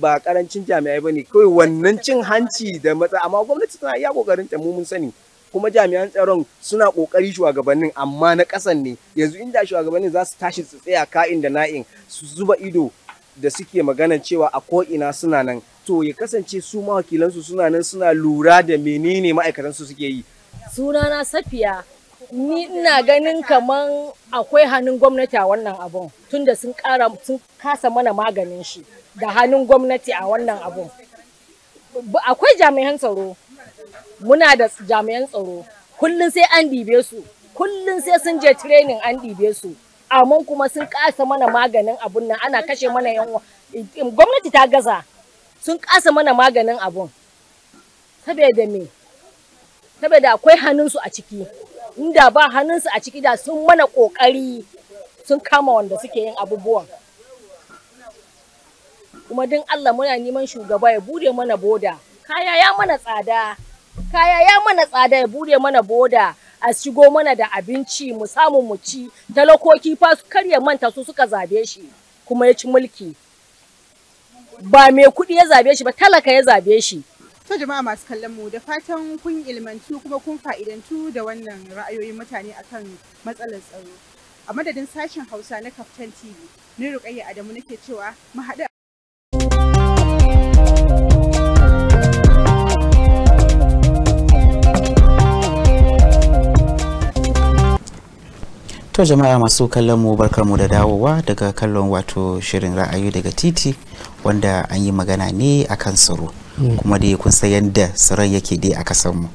ba karancin jami'ai bane kawai wannan cin hanci da matsa amma gwamnati tana iya kokarin ta mu mun sani kuma jami'an tsaron suna kokari shugabannin amma na kasan ne yanzu inda shugabannin za su tashi su tsaya ka'in da na'in su zuba ido da suke magana cewa a ko ina suna nan to ya kasance su mawakilansu suna nan suna lura da menene ma'aikatan su suke yi sunana safiya ni ina ganin kaman akwai hannun gwamnati a wannan abun tunda sun kara sun kasa mana maganin shi da hannun gwamnati a wannan abun akwai jami'an tsaro muna da jami'an tsaro kullum sai an ɗibe su kullum sai sun je training an ɗibe su amma kuma sun kasa mana maganin abun nan ana kashe mana yan gwamnati ta gaza sun kasa mana maganin abun saboda me saboda akwai hannunsu a ciki inda ba hannunsu a ciki da sun mana ƙoƙari sun kama wanda suke yin abubuwan kuma din Allah muna neman shugaba ya bude mana boda kaya ya mana tsada kaya ya mana tsada ya bude mana boda a shigo mana da abinci mu samu mu ci talakoki fa su karya manta su suka zabe shi kuma ya ci mulki ba mai kuɗi ya zabe shi ba talaka ya zabe shi To jama'a masu kallon mu da fatan kun ilmantu kuma kun fa'idantu da wannan ra'ayoyin mutane akan matsalar tsaro. A madadin sashen Hausa na Kaftan TV, ni Rukayya Adamu nake cewa mu haɗu To jama'a masu kallon mu barkamu da dawowa daga kallon wato shirin ra'ayoyi daga titi wanda an yi magana ne akan tsaro. kuma dai kun san yadda sarai yake dai a kasan mu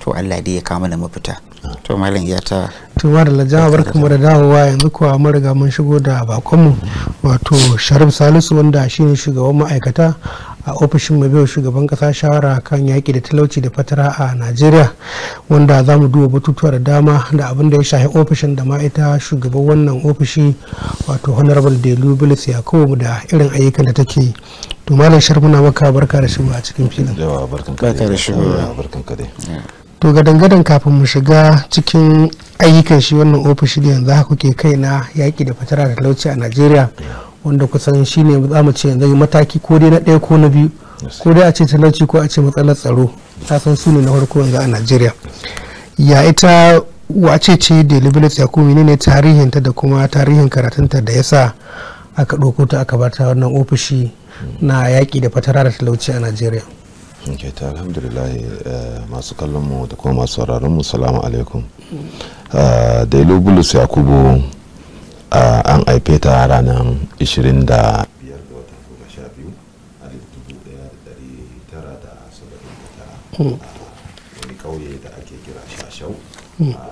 to Allah dai ya kama da mafita to malam ya ta to wa da lajama barkamu da dawowa yanzu kuwa mun riga mun shigo da bakon mu wato Sharif Salisu wanda shine shugaban ma'aikata a ofishin mai baiwa shugaban kasa shawara kan yaƙi da talauci da fatara a najeriya wanda za mu duba batutuwa da dama da abin da ya shafi ofishin da ma ita shugaban wannan ofishi wato honorable delu bilis yakubu da irin ayyukan da take to malam shar muna maka barka da shigo a cikin filin barka da shigo barkan ka dai to ga dangadan kafin mu shiga cikin ayyukan shi wannan ofishi da yanzu haka kuke kai na yaƙi da fatara da talauci a Najeriya wanda kusan shine za mu ce yanzu mataki ko dai na ɗaya ko na biyu ko dai a ce talauci ko a ce matsalar tsaro ta san su ne na farko yanzu a Najeriya ya ita wace ce delibilis ya kuma ne tarihinta da kuma tarihin karatunta da yasa aka ɗauko ta aka bata wannan ofishi na yaƙi da fatara da talauci a najeriya okay ta alhamdulillah eh, masu kallon mu da kuma masu sauraron mu salamu alaikum eh, dailo bulus yakubu eh, an aife ta ranar 25 da wani kauye da ake kira shashau hmm. a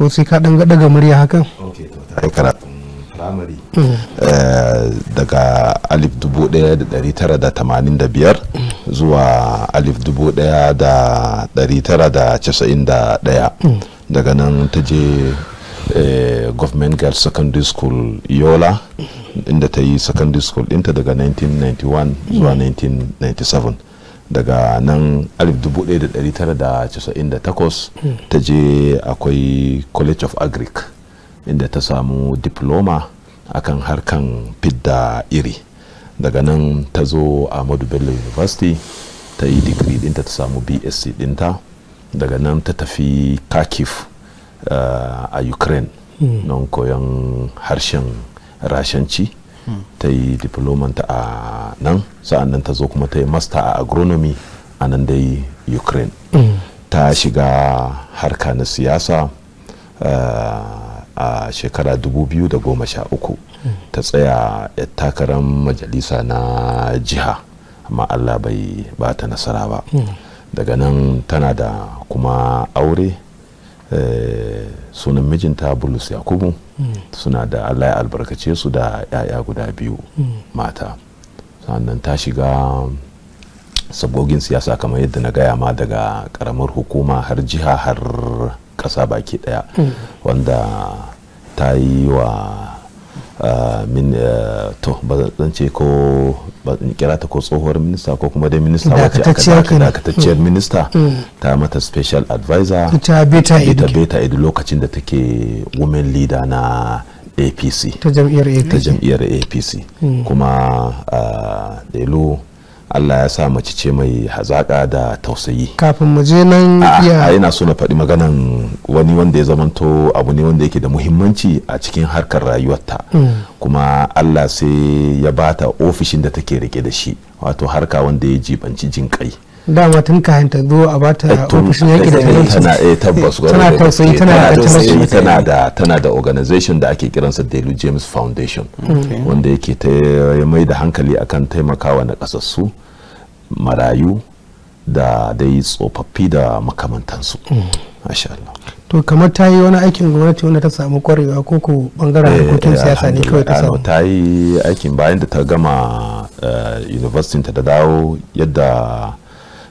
ko sai ka dan ga murya hakan okay to ta karatun primary mm. eh, daga alif dubu ɗaya da dari tara da tamanin da biyar zuwa alif dubu ɗaya da dari tara da casa'in da ɗaya. Mm. daga nan ta je eh, government girls secondary school yola mm. inda ta yi secondary school dinta daga 1991 zuwa 1997 daga nan 1998 ta je akwai college of agric inda ta samu diploma akan harkan fidda iri daga nan ta zo ahmadu bello university ta yi digiri dinta ta samu bsc dinta daga nan ta tafi kakif eh, a ukraine Nan hmm. koyon harshen rashanci ta yi diplomanta a nan sa'an nan ta zo kuma ta yi master a agronomy a nan dai ukraine ta shiga harka na siyasa eh, a shekara 2013 ta tsaya takarar majalisa na jiha amma allah bai ba ta nasara ba hmm. daga nan tana da kuma aure Eh, sunan mijinta bulus yakubu suna da allah ya albarkace su da 'ya'ya guda biyu mata sannan ta shiga sabogin siyasa kamar yadda na gaya ma daga karamar hukuma har jiha har ƙasa baki ɗaya mm. wanda ta yi wa min to ba zan ce ko ba kira ta ko tsohuwar minista ko kuma dai minista wacce aka dakatacciyar minista ta mata special advisor ta beta idu lokacin da take women leader na apc ta jam'iyyar apc kuma delu Allah ya sa mace ce mai hazaƙa da tausayi kafin mu je nan ah, ah, iya ina so na faɗi maganan wani wanda ya zamanto abu ne wanda yake da muhimmanci a cikin harkar rayuwarta mm. kuma Allah sai ya bata ofishin da take rike da shi wato harka wanda ya jibanci jinƙai dama tun kayan ta zo a bata eh, ofishin yankin da talauci tana eh tabbas tana tausayi tana da tausayi tana da tana da organization da ake kiransa Delu James Foundation wanda yake ta mai da hankali akan taimakawa na kasassu marayu da dai tsofaffi da makamantansu mm. masha Allah to kamar ta yi wani aikin gwamnati wanda ta samu kwarewa ko ko bangaren eh, harkokin siyasa ne kawai ta samu ta yi aikin bayan da ta gama eh, university ta da dawo yadda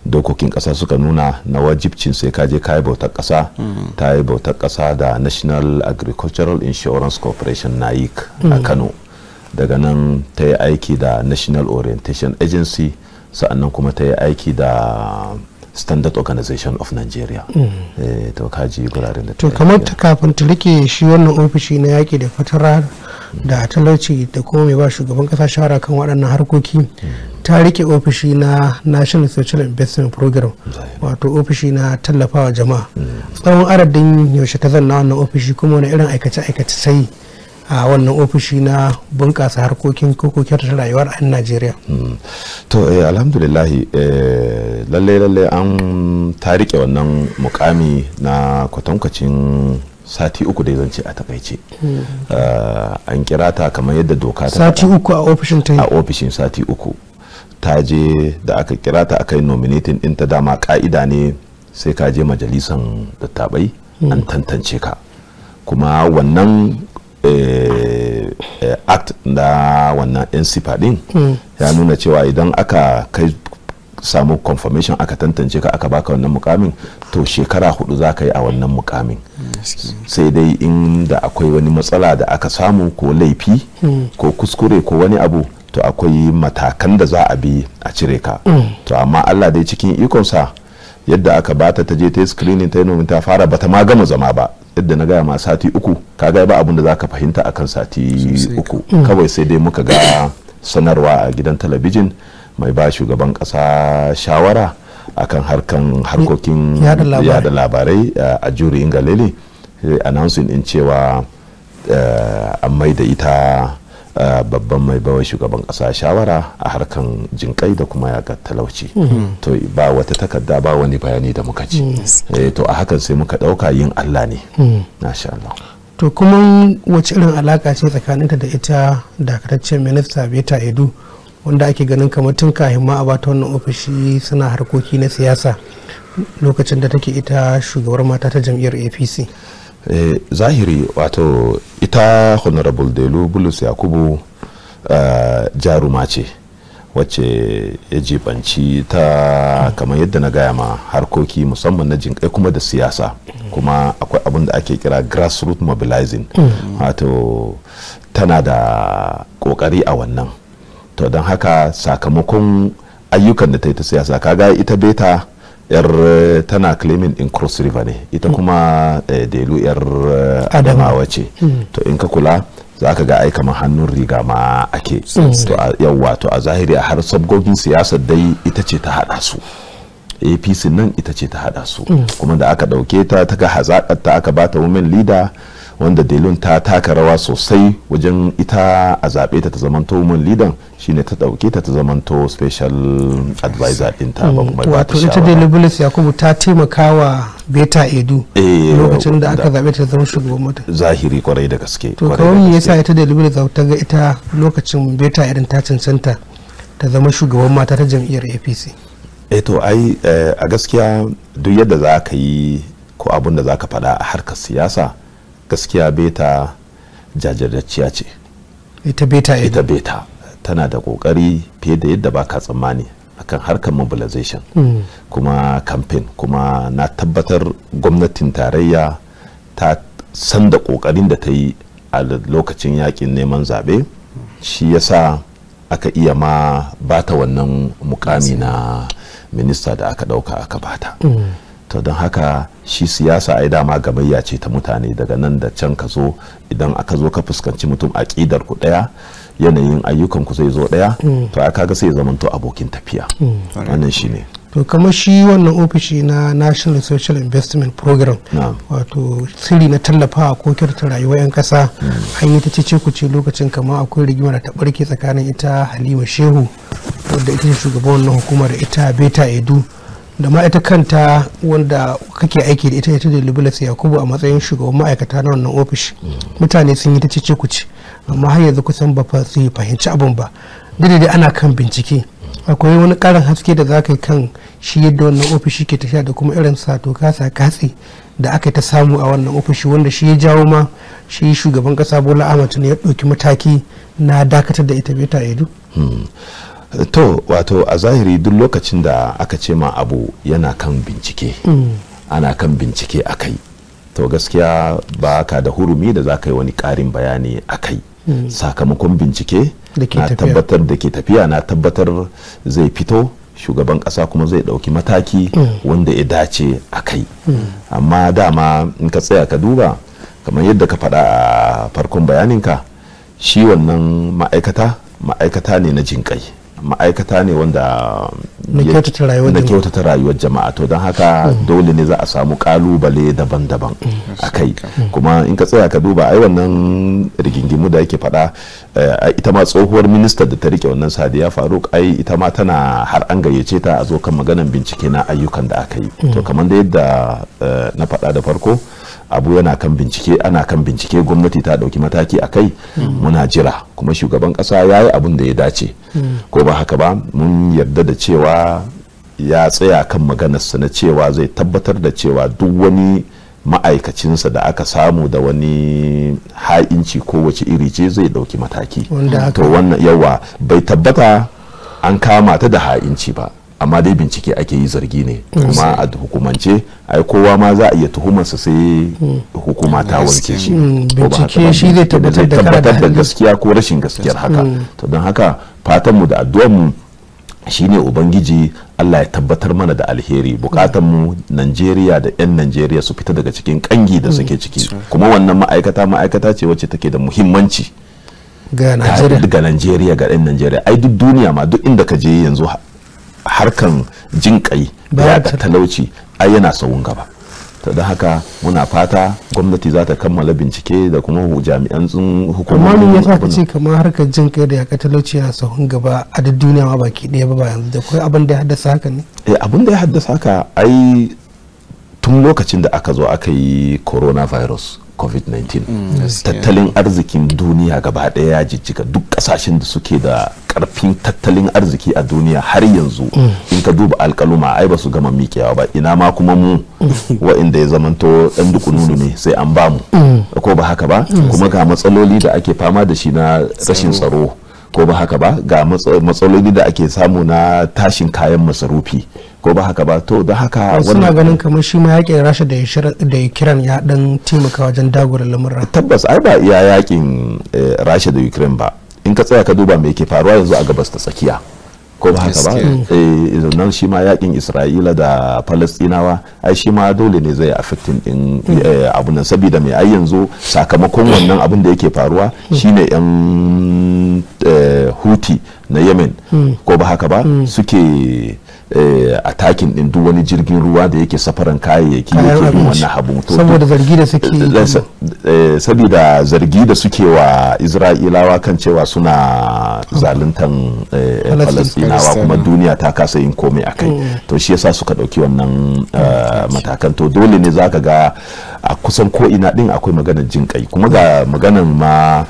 dokokin kasa suka nuna na wajibcin sai kaje kayi bautar kasa ta yi bautar kasa da national agricultural insurance corporation nayik. a hmm. kano daga nan ta yi aiki da national orientation agency sa'annan kuma ta yi aiki da standard organization of nigeria mm. eh, to kaji guraren da to kamar ta kafin ta rike shi wannan ofishi na yaki da fatara da talauci da kuma mai ba shugaban kasa shara kan waɗannan harkoki mm. ta rike ofishi na national social investment program wato ofishi na tallafawa jama'a mm. tsawon adadin yaushe ta zanna wannan ofishi kuma wani irin aikace-aikace sai a wannan ofishi na bunƙasa harkokin kokokin ta rayuwar a najeriya hmm. to eh, alhamdulillahi eh, lallai lallai an ta tarike wannan mukami na kwatankwacin sati uku da zance a takaice hmm. eh, an kira ta kamar yadda doka ta sati uku a ofishin ta a ofishin sati uku ta je da aka kira ta aka yi nominatin din ta dama ka'ida ne sai ka je majalisan dattabai an hmm. tantance ka kuma wannan Eh, eh, act na wannan yan sifa din hmm. ya nuna cewa idan aka kai samu confirmation aka tantance ka aka baka wannan mukamin to shekara hudu za ka yi a wannan mukamin sai dai inda akwai wani matsala da aka samu ko laifi hmm. ko kuskure ko wani abu to akwai matakan da za a bi a cire ka hmm. to amma allah dai cikin ikonsa yadda aka bata ta je ta yi screening ta yi nomin ta fara bata ma gama zama ba yadda na gaya ma sati uku ka ga ba abin da za ka fahimta akan sati uku mm. kawai sai dai muka ga sanarwa a gidan talabijin mai ba shugaban kasa shawara akan harkan harkokin mm. yada labarai eh, a juri galili eh, announcing in cewa eh, an mai da ita babban mai bawa shugaban kasa shawara a harkan jinkai da kuma ya talauci mm-hmm. to ba wata takarda ba wani bayani da muka ci eh, to a hakan sai muka dauka yin Allah ne mm. Allah to kuma wace irin alaka ce tsakaninta da ita dakataccen minista Beta Edu wanda ake ganin kamar tun kafin ma a bata wannan ofishi suna harkoki na siyasa lokacin da take ita shugabar mata ta jam'iyyar APC Eh, zahiri wato ita honorable delu bulus yakubu eh, jaruma ce wacce ya jibanci ta kamar yadda na gaya ma harkoki musamman na jin eh, kuma da siyasa kuma akwai abin da ake kira grassroots mobilizing mm. wato tana da kokari a wannan to don haka sakamakon ayyukan da ta yi ta siyasa kaga ita beta yar eh, tana claiming in cross river ne ita mm. kuma eh, delu yar eh, adamawa ce mm. to in ka kula za ka ga ai kamar hannun riga ma ake mm. to yawwa to a zahiri a har sabgogin siyasar dai ita ce ta hada su apc nan ita ce ta hada su kuma da aka dauke ta ta ga hazaƙar ta aka bata women leader wanda delon ta taka rawa sosai wajen ita a zaɓe ta ta zamanto woman leader shine ta ɗauke ta ta zamanto special advisor ɗinta hmm. ba mai wato ita dai lubulis yakubu ta taimaka wa beta edu eh, lokacin da aka zaɓe ta zama shugaban mata zahiri kwarai da gaske to kawai ya yasa ita Bilis lubulis ta ga ita lokacin beta irin ta cancanta ta zama shugaban mata ta jam'iyyar apc Eto eh ai eh, a gaskiya duk yadda za ka yi ko abin da za ka faɗa a harkar siyasa gaskiya beta jajirtacciya ce ita beta ita beta tana da kokari fiye da yadda baka tsammani akan harkar mobilization mm. kuma campaign kuma na tabbatar gwamnatin tarayya ta san da kokarin da ta yi a lokacin yakin neman zaɓe shi yasa aka iya ma bata wannan mukami na minista da aka ɗauka aka bata mm. to don haka shi siyasa ai dama gamayya ce ta mutane daga nan da can ka zo idan aka zo ka fuskanci mutum aƙidar ku ɗaya yanayin ayyukan ku zai zo ɗaya mm. to aka ga sai zamanto abokin tafiya mm. wannan ne. to kamar shi wannan ofishi na national social investment program wato siri na tallafawa ko mm. ta rayuwar 'yan kasa an ta cece ku ce lokacin kamar akwai rigima da ta tsakanin ita halima shehu wadda ita ce shugaban wannan hukumar ita beta edu da ma ita kanta wanda kake aiki da ita ita da libilas yakubu a matsayin shugaban ma'aikata na wannan ofishi mutane sun yi ta cece kuci amma har yanzu kusan ba su fahimci abin ba daidai ana kan bincike akwai wani karin haske da za ka yi kan shi yadda wannan ofishi ke tafiya da kuma irin sato kasa katse da aka ta samu a wannan ofishi wanda shi ya jawo ma shi shugaban kasa bola amatu ne ya ɗauki mataki na dakatar da ita beta edu hmm. to wato a zahiri duk lokacin da aka ce ma abu yana kan bincike ana kan bincike a kai to gaskiya ba ka da hurumi da za ka yi wani karin bayani a kai sakamakon bincike na tabbatar da ke tafiya na tabbatar zai fito shugaban kasa kuma zai dauki mataki wanda ya dace a kai amma dama in ka tsaya ka duba kamar yadda ka faɗa a farkon bayaninka shi wannan ma'aikata ma'aikata ne na jinƙai ma'aikata ne wanda na kyautata rayuwar jama'a to don haka mm. dole ne za a samu kalubale daban-daban mm. a kai mm. kuma in ka tsaya ka duba ai wannan rigingimu da yake faɗa eh, ita ma tsohuwar minista da ta rike wannan sadiya faruk ai ita ma tana har an gayyace ta a zo kan maganan bincike na ayyukan da aka yi to kamar da yadda eh, na faɗa da farko abu yana kan bincike ana kan bincike gwamnati ta dauki mataki a kai muna jira kuma shugaban kasa ya yi abin da ya dace ko ba haka ba mun yarda da cewa ya tsaya kan maganarsa na cewa zai tabbatar da cewa duk wani ma'aikacinsa da aka samu da wani ha'inci ko wace iri ce zai dauki mataki to wannan yawa bai tabbata an kama ta da ha'inci ba amma dai bincike ake yi zargi ne mm. kuma a hukumance ai kowa ma za a iya tuhumarsa sai mm. hukuma ta wanke shi mm. bincike shi zai tabbatar da gaskiya ko rashin gaskiyar haka to don haka mu da addu'ar mu shine ubangiji Allah ya tabbatar mana da alheri bukatan mu Najeriya da 'yan Najeriya su fita daga cikin kangi da suke ciki kuma wannan ma'aikata ma'aikata ce wacce take da muhimmanci ga Najeriya ga 'yan Najeriya ai duk duniya ma duk inda ka je yanzu harkan jinƙai da yaƙa talauci ai yana sauwun gaba ta da haka muna fata gwamnati za ta kammala bincike da kuma jami'an sun hukumar amma ya sa ce kamar harkar jin kai da yaƙa talauci yana sahun gaba a duk duniya ma baki ɗaya ba yanzu da kai abin da ya haddasa haka ne eh abin da ya haddasa haka ai tun lokacin da aka zo aka yi coronavirus covid-19 mm, tattalin arzikin duniya gaba daya ya jijjiga duk ƙasashen da suke da karfin tattalin arziki a duniya har yanzu mm. in ka duba alkaluma ai ba su gama miƙewa ba ina ma kuma mu mm. wa'inda ya zamanto ɗan dukununu ne sai an ba mu ko ba haka ba kuma ga matsaloli da ake fama da shi na rashin tsaro ko ba haka ba ga matsaloli da ake samu na tashin kayan masarufi ko ba haka ba to da haka suna ganin kamar shi ma yakin rasha da ya kiran ya dan taimaka wajen dagura lamurra tabbas ai ba iya yakin eh, rasha da ukraine ba in ka tsaya ka duba me ke faruwa yanzu a gabas ta tsakiya ko ba haka ba eh, nan shi ma yakin isra'ila da falastinawa ai shi ma dole ne zai affectin din eh, abu nan saboda mai ai yanzu sakamakon wannan abun da yake faruwa shine yan huti na yemen hmm. ko ba haka ba hmm. suke Eh, a takin din duk wani jirgin ruwa da yake safaran kayayyaki yake bin wannan habu saboda zargi da suke eh, eh, saboda zargi da suke wa isra'ilawa kan cewa suna zaluntan falastinawa kuma duniya ta kasa yin komai a kai mm. to shi yasa suka dauki wannan matakan to dole ne za ka ga a kusan ko ina din akwai maganar jin kai kuma ga maganar ma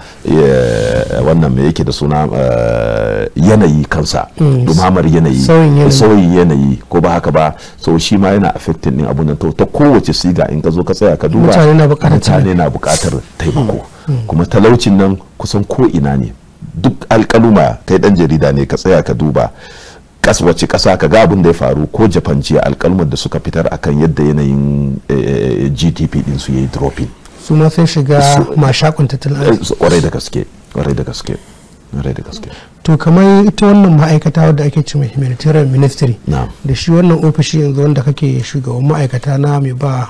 wannan me yake da suna yanayi kansa mm. dumamar yanayi sauyin yanayi ko ba haka ba so shi ma yana affecting din abun nan to ta kowace siga in ka zo ka tsaya ka duba mutane na bukatar taimako mm. Mm. kuma talaucin nan kusan ko ina ne duk alkaluma kai dan jarida ne ka tsaya ka duba kas wace kasa ka ga abin da ya faru ko japan jiya alkalmar da suka fitar akan yadda yanayin eh, eh, eh, gdp din su yayi dropping suna sun shiga mashakun tattalin arziki kwarai da gaske kwarai da gaske rai da gaske to kamar ita wannan ma'aikata wadda ake cewa humanitarian ministry da shi wannan ofishi yanzu wanda kake shugaban ma'aikata na mai ba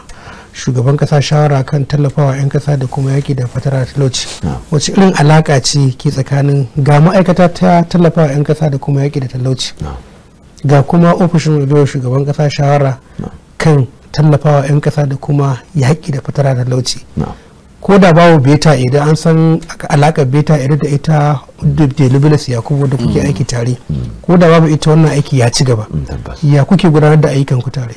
shugaban kasa shawara kan tallafawa 'yan kasa da kuma yaki da fatara talauci wacce irin alaka ce ke tsakanin ga ma'aikata ta tallafawa 'yan kasa da kuma yaki da talauci ga kuma ofishin rubewa shugaban kasa shawara kan tallafawa 'yan kasa da kuma yaki da fatara talauci ko da babu beta idan an san alaƙar beta iri da ita ya kuma da kuke mm. aiki tare mm. ko da babu ita wannan aiki ya ci gaba mm, ya kuke gudanar da ayyukan ku tare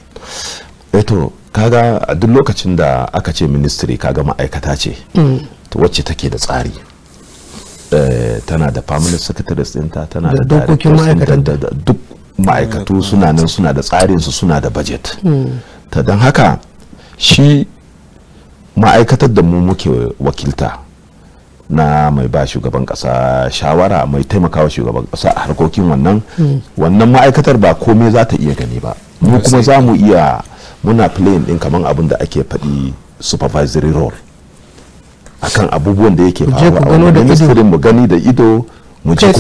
eto eh kaga duk lokacin da aka ce ministry kaga ma'aikata ce to wacce take da tsari eh, tana da family secretaries ɗinta tana da dokokin ma'aikata duk ma'aikatu suna nan suna da tsarinsu suna da budget ta don haka shi ma'aikatar da mu muke wakilta na mai ba shugaban kasa shawara mai taimakawa shugaban kasa a harkokin wannan hmm. wannan ma'aikatar ba komai za ta iya gani ba mu kuma za mu iya muna playing din kamar abin da ake faɗi supervisory role akan abubuwan da yake faruwa a wani mu gani da ido mu ce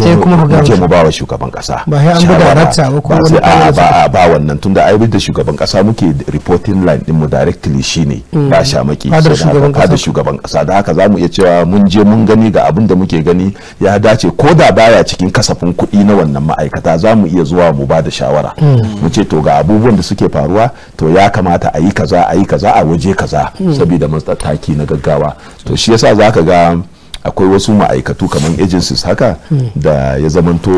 mu ba wa shugaban kasa ba sai an bi darakta ba ko wani ba ba ba wannan tunda ai da shugaban kasa muke reporting line din mu directly shine ya mm. sha ba da shugaban kasa da haka zamu iya cewa mun je mun gani ga abin da muke gani ya dace ko da baya cikin kasafin kuɗi na wannan ma'aikata zamu iya zuwa mu ba da shawara mm. mu ce to ga abubuwan da suke faruwa to ya kamata a yi kaza a yi kaza a waje kaza mm. saboda mataki na gaggawa to shi yasa zaka ga akwai wasu ma'aikatu kamar agencies haka da ya zamanto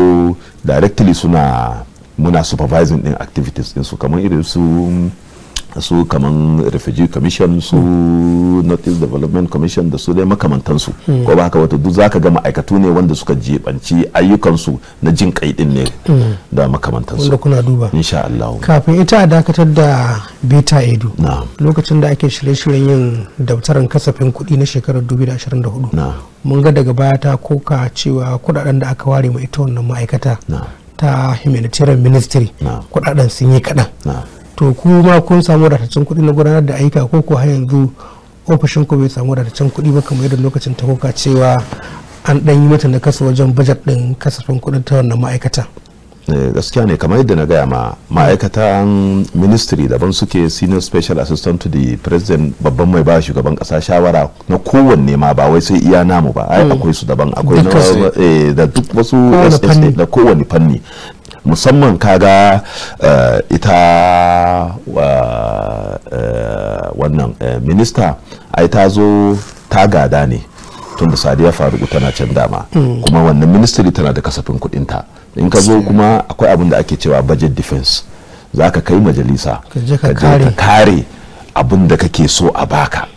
directly suna muna supervising din activities din su kamar irin su su kaman refugee commission su notice development commission da su dai makamantansu ko ba haka wato duk zaka ga ma'aikatu ne wanda suka jebanci ayyukansu na jin kai din ne da makamantansu wanda kuna duba insha Allah kafin ita a dakatar da beta edu lokacin da ake shirye-shiryen yin daftarin kasafin kuɗi na shekarar 2024 mun ga daga baya ta koka cewa kuɗaɗen da aka ware ma ita wannan ma'aikata ta humanitarian ministry kuɗaɗen sun yi kaɗan to ku kuma kun samu wadataccen kuɗi na gudanar da ayyuka ko ko har yanzu ofishin ku bai samu wadataccen kuɗi ba kamar yadda lokacin ta kuka cewa an ɗan yi mata na kasa wajen bajet ɗin kasafin kuɗin ta wannan ma'aikata. Eh, gaskiya ne kamar yadda na gaya ma ma'aikatan ministry daban suke senior special assistant to the president babban mai ba shugaban kasa shawara na kowanne ma ba wai sai iya namu ba ai mm. akwai su daban akwai eh, da duk wasu da kowanne fanni musamman kaga eh, ita Eh, wannan eh, minista ai ta zo ta gada ne tun da sadiya faruku tana can dama hmm. kuma wannan ministry tana da kasafin kudinta in ka zo kuma akwai abin da ake cewa budget defense za ka kai majalisa ka je ka kare abin da kake so a baka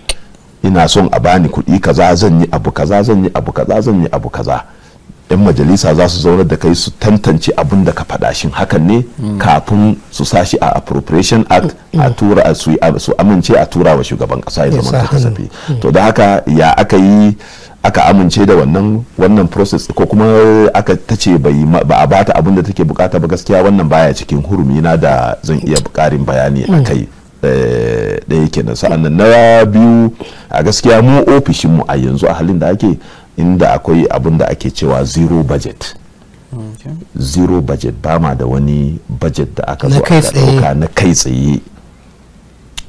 ina son a bani kuɗi kaza zan yi abu kaza zan yi abu kaza zan yi abu kaza 'yan majalisa za su zaunar da kai su tantance abin da ka faɗa shi hakan ne kafin su sashi a appropriation act a tura su amince a tura wa shugaban kasa ya zama kasafi to da haka ya aka yi aka amince da wannan wannan process ko kuma aka tace bai ba a bata abin da take bukata ba gaskiya wannan baya cikin hurumi na da zan iya bukarin bayani a kai eh, ɗaya kenan sa'annan na biyu a gaskiya mu ofishinmu a yanzu a halin da ake inda akwai abin da ake cewa zero budget zero budget ba ma da wani budget da aka zo a na kai tsaye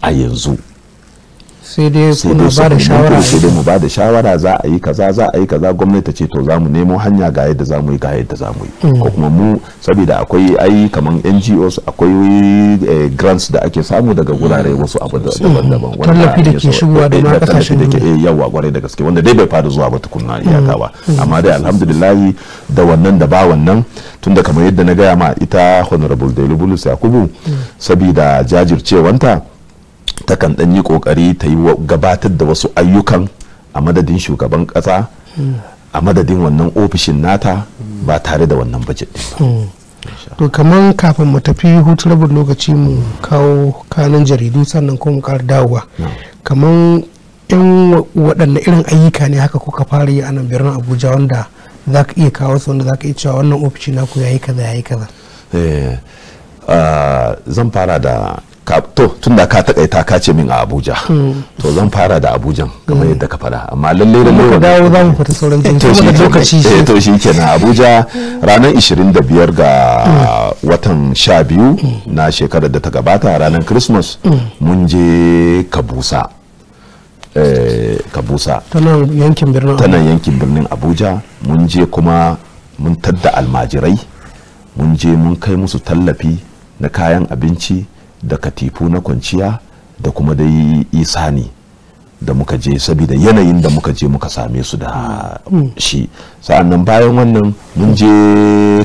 a yanzu sai dai kuna ba da shawara sai dai mu ba da shawara za a yi kaza za a yi kaza gwamnati ta ce to za mu nemo hanya ga yadda za mu yi ga yadda za mu yi mm. ko kuma mu saboda akwai ai kaman NGOs akwai eh, grants da ake samu daga gurare wasu abu mm. daban-daban eh, tallafi da ke shigowa da ma kasashen da ke eh, yawa kwarai da gaske wanda dai bai fara zuwa ba tukunna iyaka mm. ba amma dai alhamdulillah da wannan da ba wannan tunda kamar yadda na gaya ma ita honorable Delubulus Yakubu saboda jajircewanta takan dan yi kokari ta yi gabatar da wasu ayyukan a madadin shugaban kasa a madadin wannan ofishin nata ba tare da wannan budget hmm. to kamar kafin mu tafi hutu rabin lokaci mu kawo kanin jaridu sannan kuma mu kar dawowa kamar yan waɗanne irin ayyuka ne haka kuka fara yi a nan birnin abuja wanda za ka iya kawo su wanda za ka iya cewa wannan ofishi naku ya yi kaza ya yi kaza eh, ah, zan fara da to tunda ka takaita ka ce min a abuja hmm. to zan fara da abuja kamar hmm. yadda ka fara amma lallai da ko dawo za mu fita sauran jinkin eh, lokaci shi eh, to shi kenan abuja hmm. ranar 25 ga watan 12 na shekarar da ta gabata ranar christmas mun je kabusa eh, kabusa ta nan yankin birnin abuja mun je kuma mun tadda almajirai mun je mun kai musu tallafi na kayan abinci da katifu na kwanciya da kuma dai isani da muka je saboda yanayin da muka je muka same su da mm. shi sa'annan bayan wannan mun je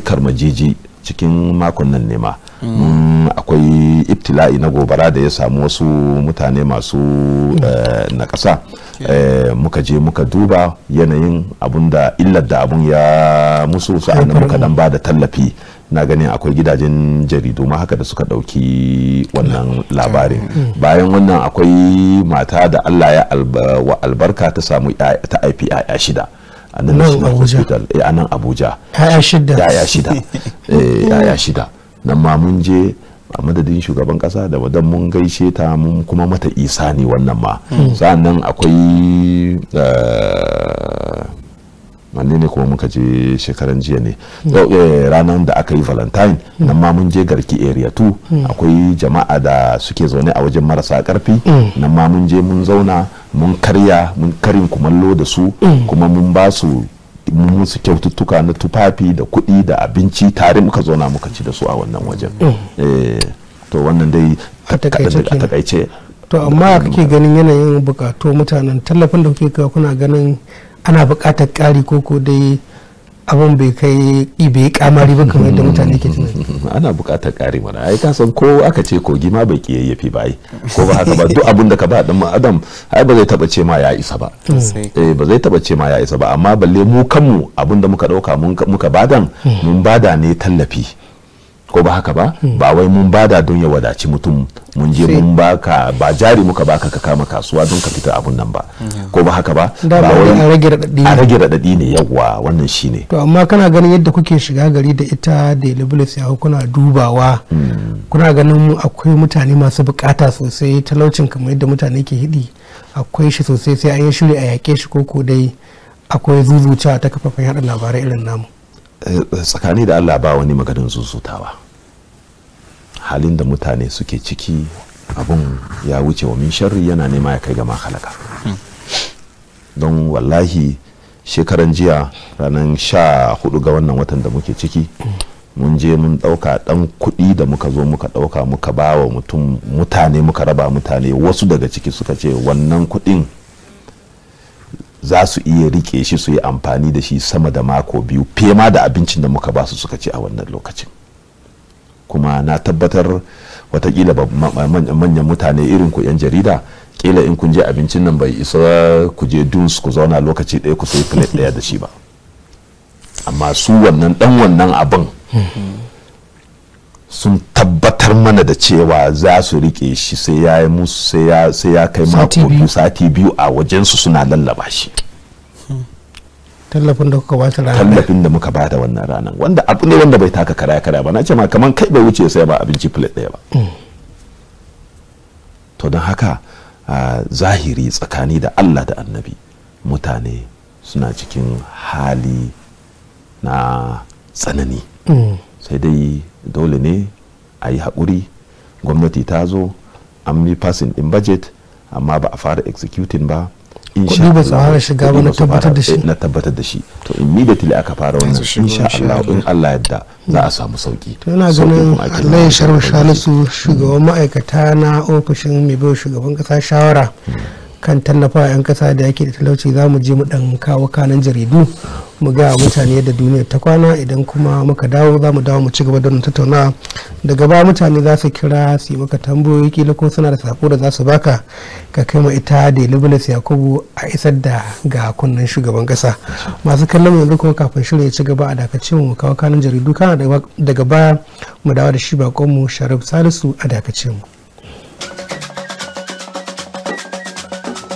karmajeji cikin makon nan ne ma mm. akwai ibtila'i na gobara da ya samu wasu mutane masu mm. eh, na ƙasa eh, muka je muka duba yanayin abun da illar da abun ya musu sa'annan muka dan ba da tallafi na ganin akwai gidajen jaridu ma haka da suka ɗauki wannan labarin mm. Mm. bayan wannan akwai mata da allah ya wa albarka ta samu ta haifi 'ya'ya shida a nan hospital eh, a nan abuja 'ya'ya shida eh, ya'ya shida nan ma mun je a madadin shugaban kasa da wadan mun gaishe ta mun kuma mata isa ne wannan ma mm. sa'an nan akwai eh, wanne ne kuma muka je shekaran jiya ne eh, ranar da aka yi valentine nan ma mun je garki area 2 akwai jama'a da suke zaune a wajen marasa karfi nan ma mun je mun zauna mun karya mun karin kumallo da su kuma mun ba su mun musu kyaututtuka na tufafi da kuɗi da abinci tare muka zauna muka ci da su a wannan wajen eh, to wannan dai a takaice to amma kake ganin yanayin bukatu mutanen tallafin da kuke kuna ganin ana buƙatar ƙari koko dai abin bai kai ibe kamari ba kamar yadda mutane ke tunani ana buƙatar ƙari mana ai ka san ko aka ce kogi ma bai kiyayyafi ba ai ko ba haka ba duk abin da ka ba dan adam ai ba zai taba ce ma ya isa ba eh ba zai taba ce ma ya isa ba amma balle mu kanmu abin da muka dauka muka bada hmm. mun bada ne tallafi ko ba haka ba hmm. ba wai mun bada don ya wadaci mutum mun je mun baka ba jari muka baka ka kama kasuwa don ka fita abun nan ba hmm. ko ba haka ba ba wai a rage radadi a rage radadi ne yawa wannan shine to amma kana ganin yadda kuke shiga gari da ita da libulis ya kuna dubawa hmm. kuna ganin akwai mutane masu bukata sosai talaucin kamar yadda mutane ke hidi akwai shi sosai sai an yi shiri a yake shi ko dai akwai zuzuta ta kafafen yada labarai irin namu eh, tsakani da Allah ba wani maganin zuzutawa halin da mutane suke ciki abun ya wuce wa min sharri yana nema ya kai ga makalaka don wallahi shekaran jiya ranar sha hudu ga wannan watan da muke ciki mun je mun dauka dan kudi da muka zo muka dauka muka ba wa mutum mutane muka raba mutane wasu daga ciki suka ce wannan kudin za su iya rike shi su yi amfani da shi sama da mako biyu fema da abincin da muka ba su suka ce a wannan lokacin kuma na tabbatar watakila manyan mutane irin ku 'yan jarida kila in kun je abincin nan bai isa ku je duns ku zauna lokaci ɗaya ku sai plate ɗaya da shi ba amma su wannan ɗan wannan abin sun tabbatar mana da cewa za su rike shi sai ya sai ya kai mako sati biyu a wajensu suna lallaba shi tallafin da kuka bata ranar tallafin da muka bata wannan ranar wanda abu ne wanda bai taka kara kara ba na ce ma kamar kai bai wuce sai ba abinci plate ɗaya ba hmm. to don haka zahiri tsakani da Allah da annabi mutane suna cikin hali na tsanani hmm. sai dai dole ne a yi haƙuri gwamnati ta zo an yi fasin in budget amma ba a fara executing ba kuɗi ba su fara shiga ba na tabbatar da shi na tabbatar da shi to immediately aka fara wannan insha Allah in Allah yadda za a samu sauki to ina ganin Allah ya sharwa shalisu shugaban ma'aikata na ofishin mai bai shugaban kasa shawara hmm. kan tallafa 'yan kasa da yake da talauci za mu je mu dan kawo kanan jaridu mu ga mutane yadda duniya ta kwana idan kuma muka dawo za mu dawo mu ci gaba da tattauna daga ba mutane za su kira su yi maka tambayoyi kila ko suna da sako da za su baka ka kai ma ita da libilis yakubu a isar da ga kunnen shugaban kasa masu kallon yanzu kuma kafin shirin ci gaba a dakace mu kawo kanan jaridu kana daga ba mu dawo da shi bakon mu sharif salisu a dakace mu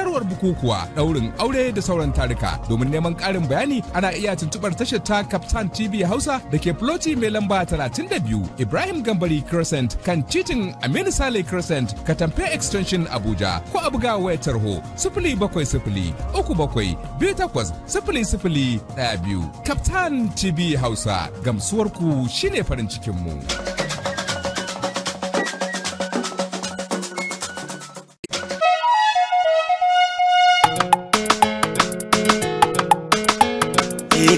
sanarwar bukukuwa daurin aure da sauran tarika domin neman karin bayani ana iya tuntubar tashar ta captain tv hausa da ke floti mai lamba 32 ibrahim gambari crescent kan titin aminu sale crescent katamfe extension abuja ko a buga waya tarho biyu captain tv hausa gamsuwar ku shine farin cikinmu. mu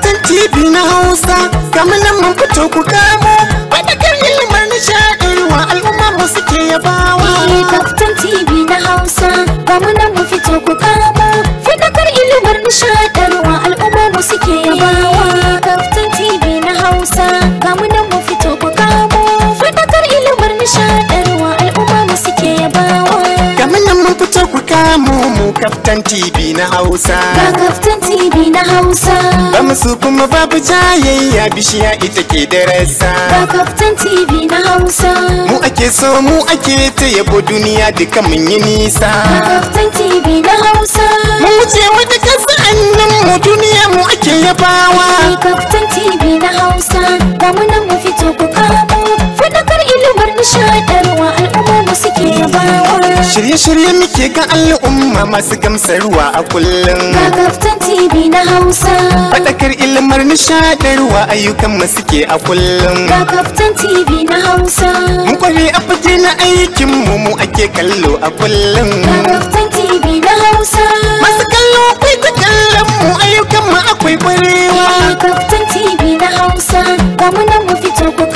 TV na Hausa kamar nan mun fito ku kamo faɗakar ilmar nishaɗarwa al'umma mu suke yabawa. Eh Captain TV na Hausa kamar nan mun fito ku kamo faɗakar ilmar nishaɗarwa al'umma mu suke yabawa. Eh Captain TV na Hausa kamar nan ku fito ku kamu mu kaftan TV na Hausa. Ba kaftan TV na Hausa. Ba musu kuma babu jayayya bishiya ita ke darasa. Ba kaftan TV na Hausa. Mu ake so mu ake ta yabo duniya duka mun yi nisa. Ba kaftan TV na Hausa. Mu wuce wata kasa annan mu duniya mu ake yabawa. Ba kaftan TV na Hausa. Ba mu nan mu fito ku kamu. lambar nishadarwa al'umma mu suke gabawa shirye-shirye muke kan al'umma masu gamsarwa a kullum ga kaftan tv na hausa faɗakar ilmar nishadarwa ayyukan mu suke a kullum ga kaftan tv na hausa mu kware a fage na aikin mu mu ake kallo a kullum ga kaftan tv na hausa masu kallo akwai ta kallon mu ayyukan mu akwai kwarewa ga kaftan tv na hausa ga mu nan mu fito ku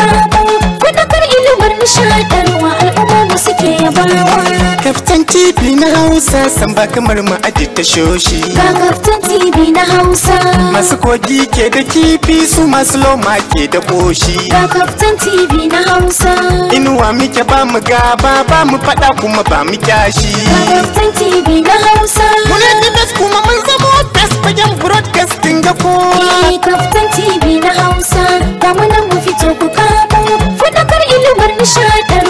manufar nishadarwa al'umma mu suke yabawa kaftan tv na hausa san ba kamar mu aji ta shoshi ga kaftan tv na hausa masu kogi ke da kifi su masu loma ke da koshi ga kaftan tv na hausa inuwa muke ba mu gaba ba mu faɗa kuma ba mu kyashi ga kaftan tv na hausa muna da bas kuma mun zamo bas fagen broadcasting ga kowa eh, kaftan tv na hausa ga mu nan mu fito ku Parnishat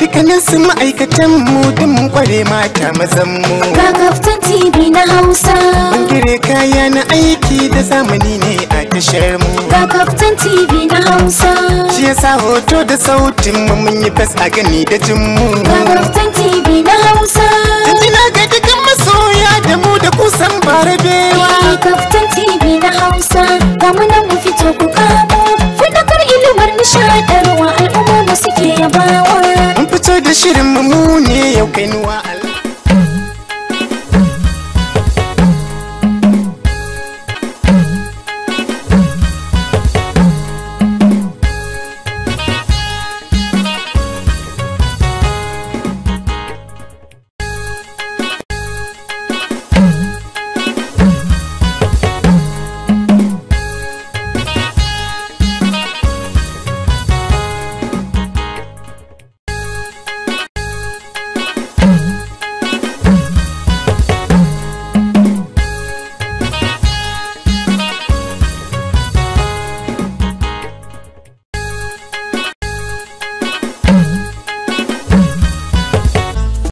dukkanin su ma'aikatan mu din kware mata mazan mu kakaftan tv na hausa bangare kaya na aiki da zamani ne a tashar mu kakaftan tv na hausa shi yasa hoto da sautin mu mun yi fes a gani da jin mu kakaftan tv na hausa na ga dukkan masoya da mu da kusan barabewa kakaftan tv na hausa ga mu nan mu fito ku kamo fadakar ilimar nishadarwa al'umma mu suke yabawa shirin mu ne yau kainuwa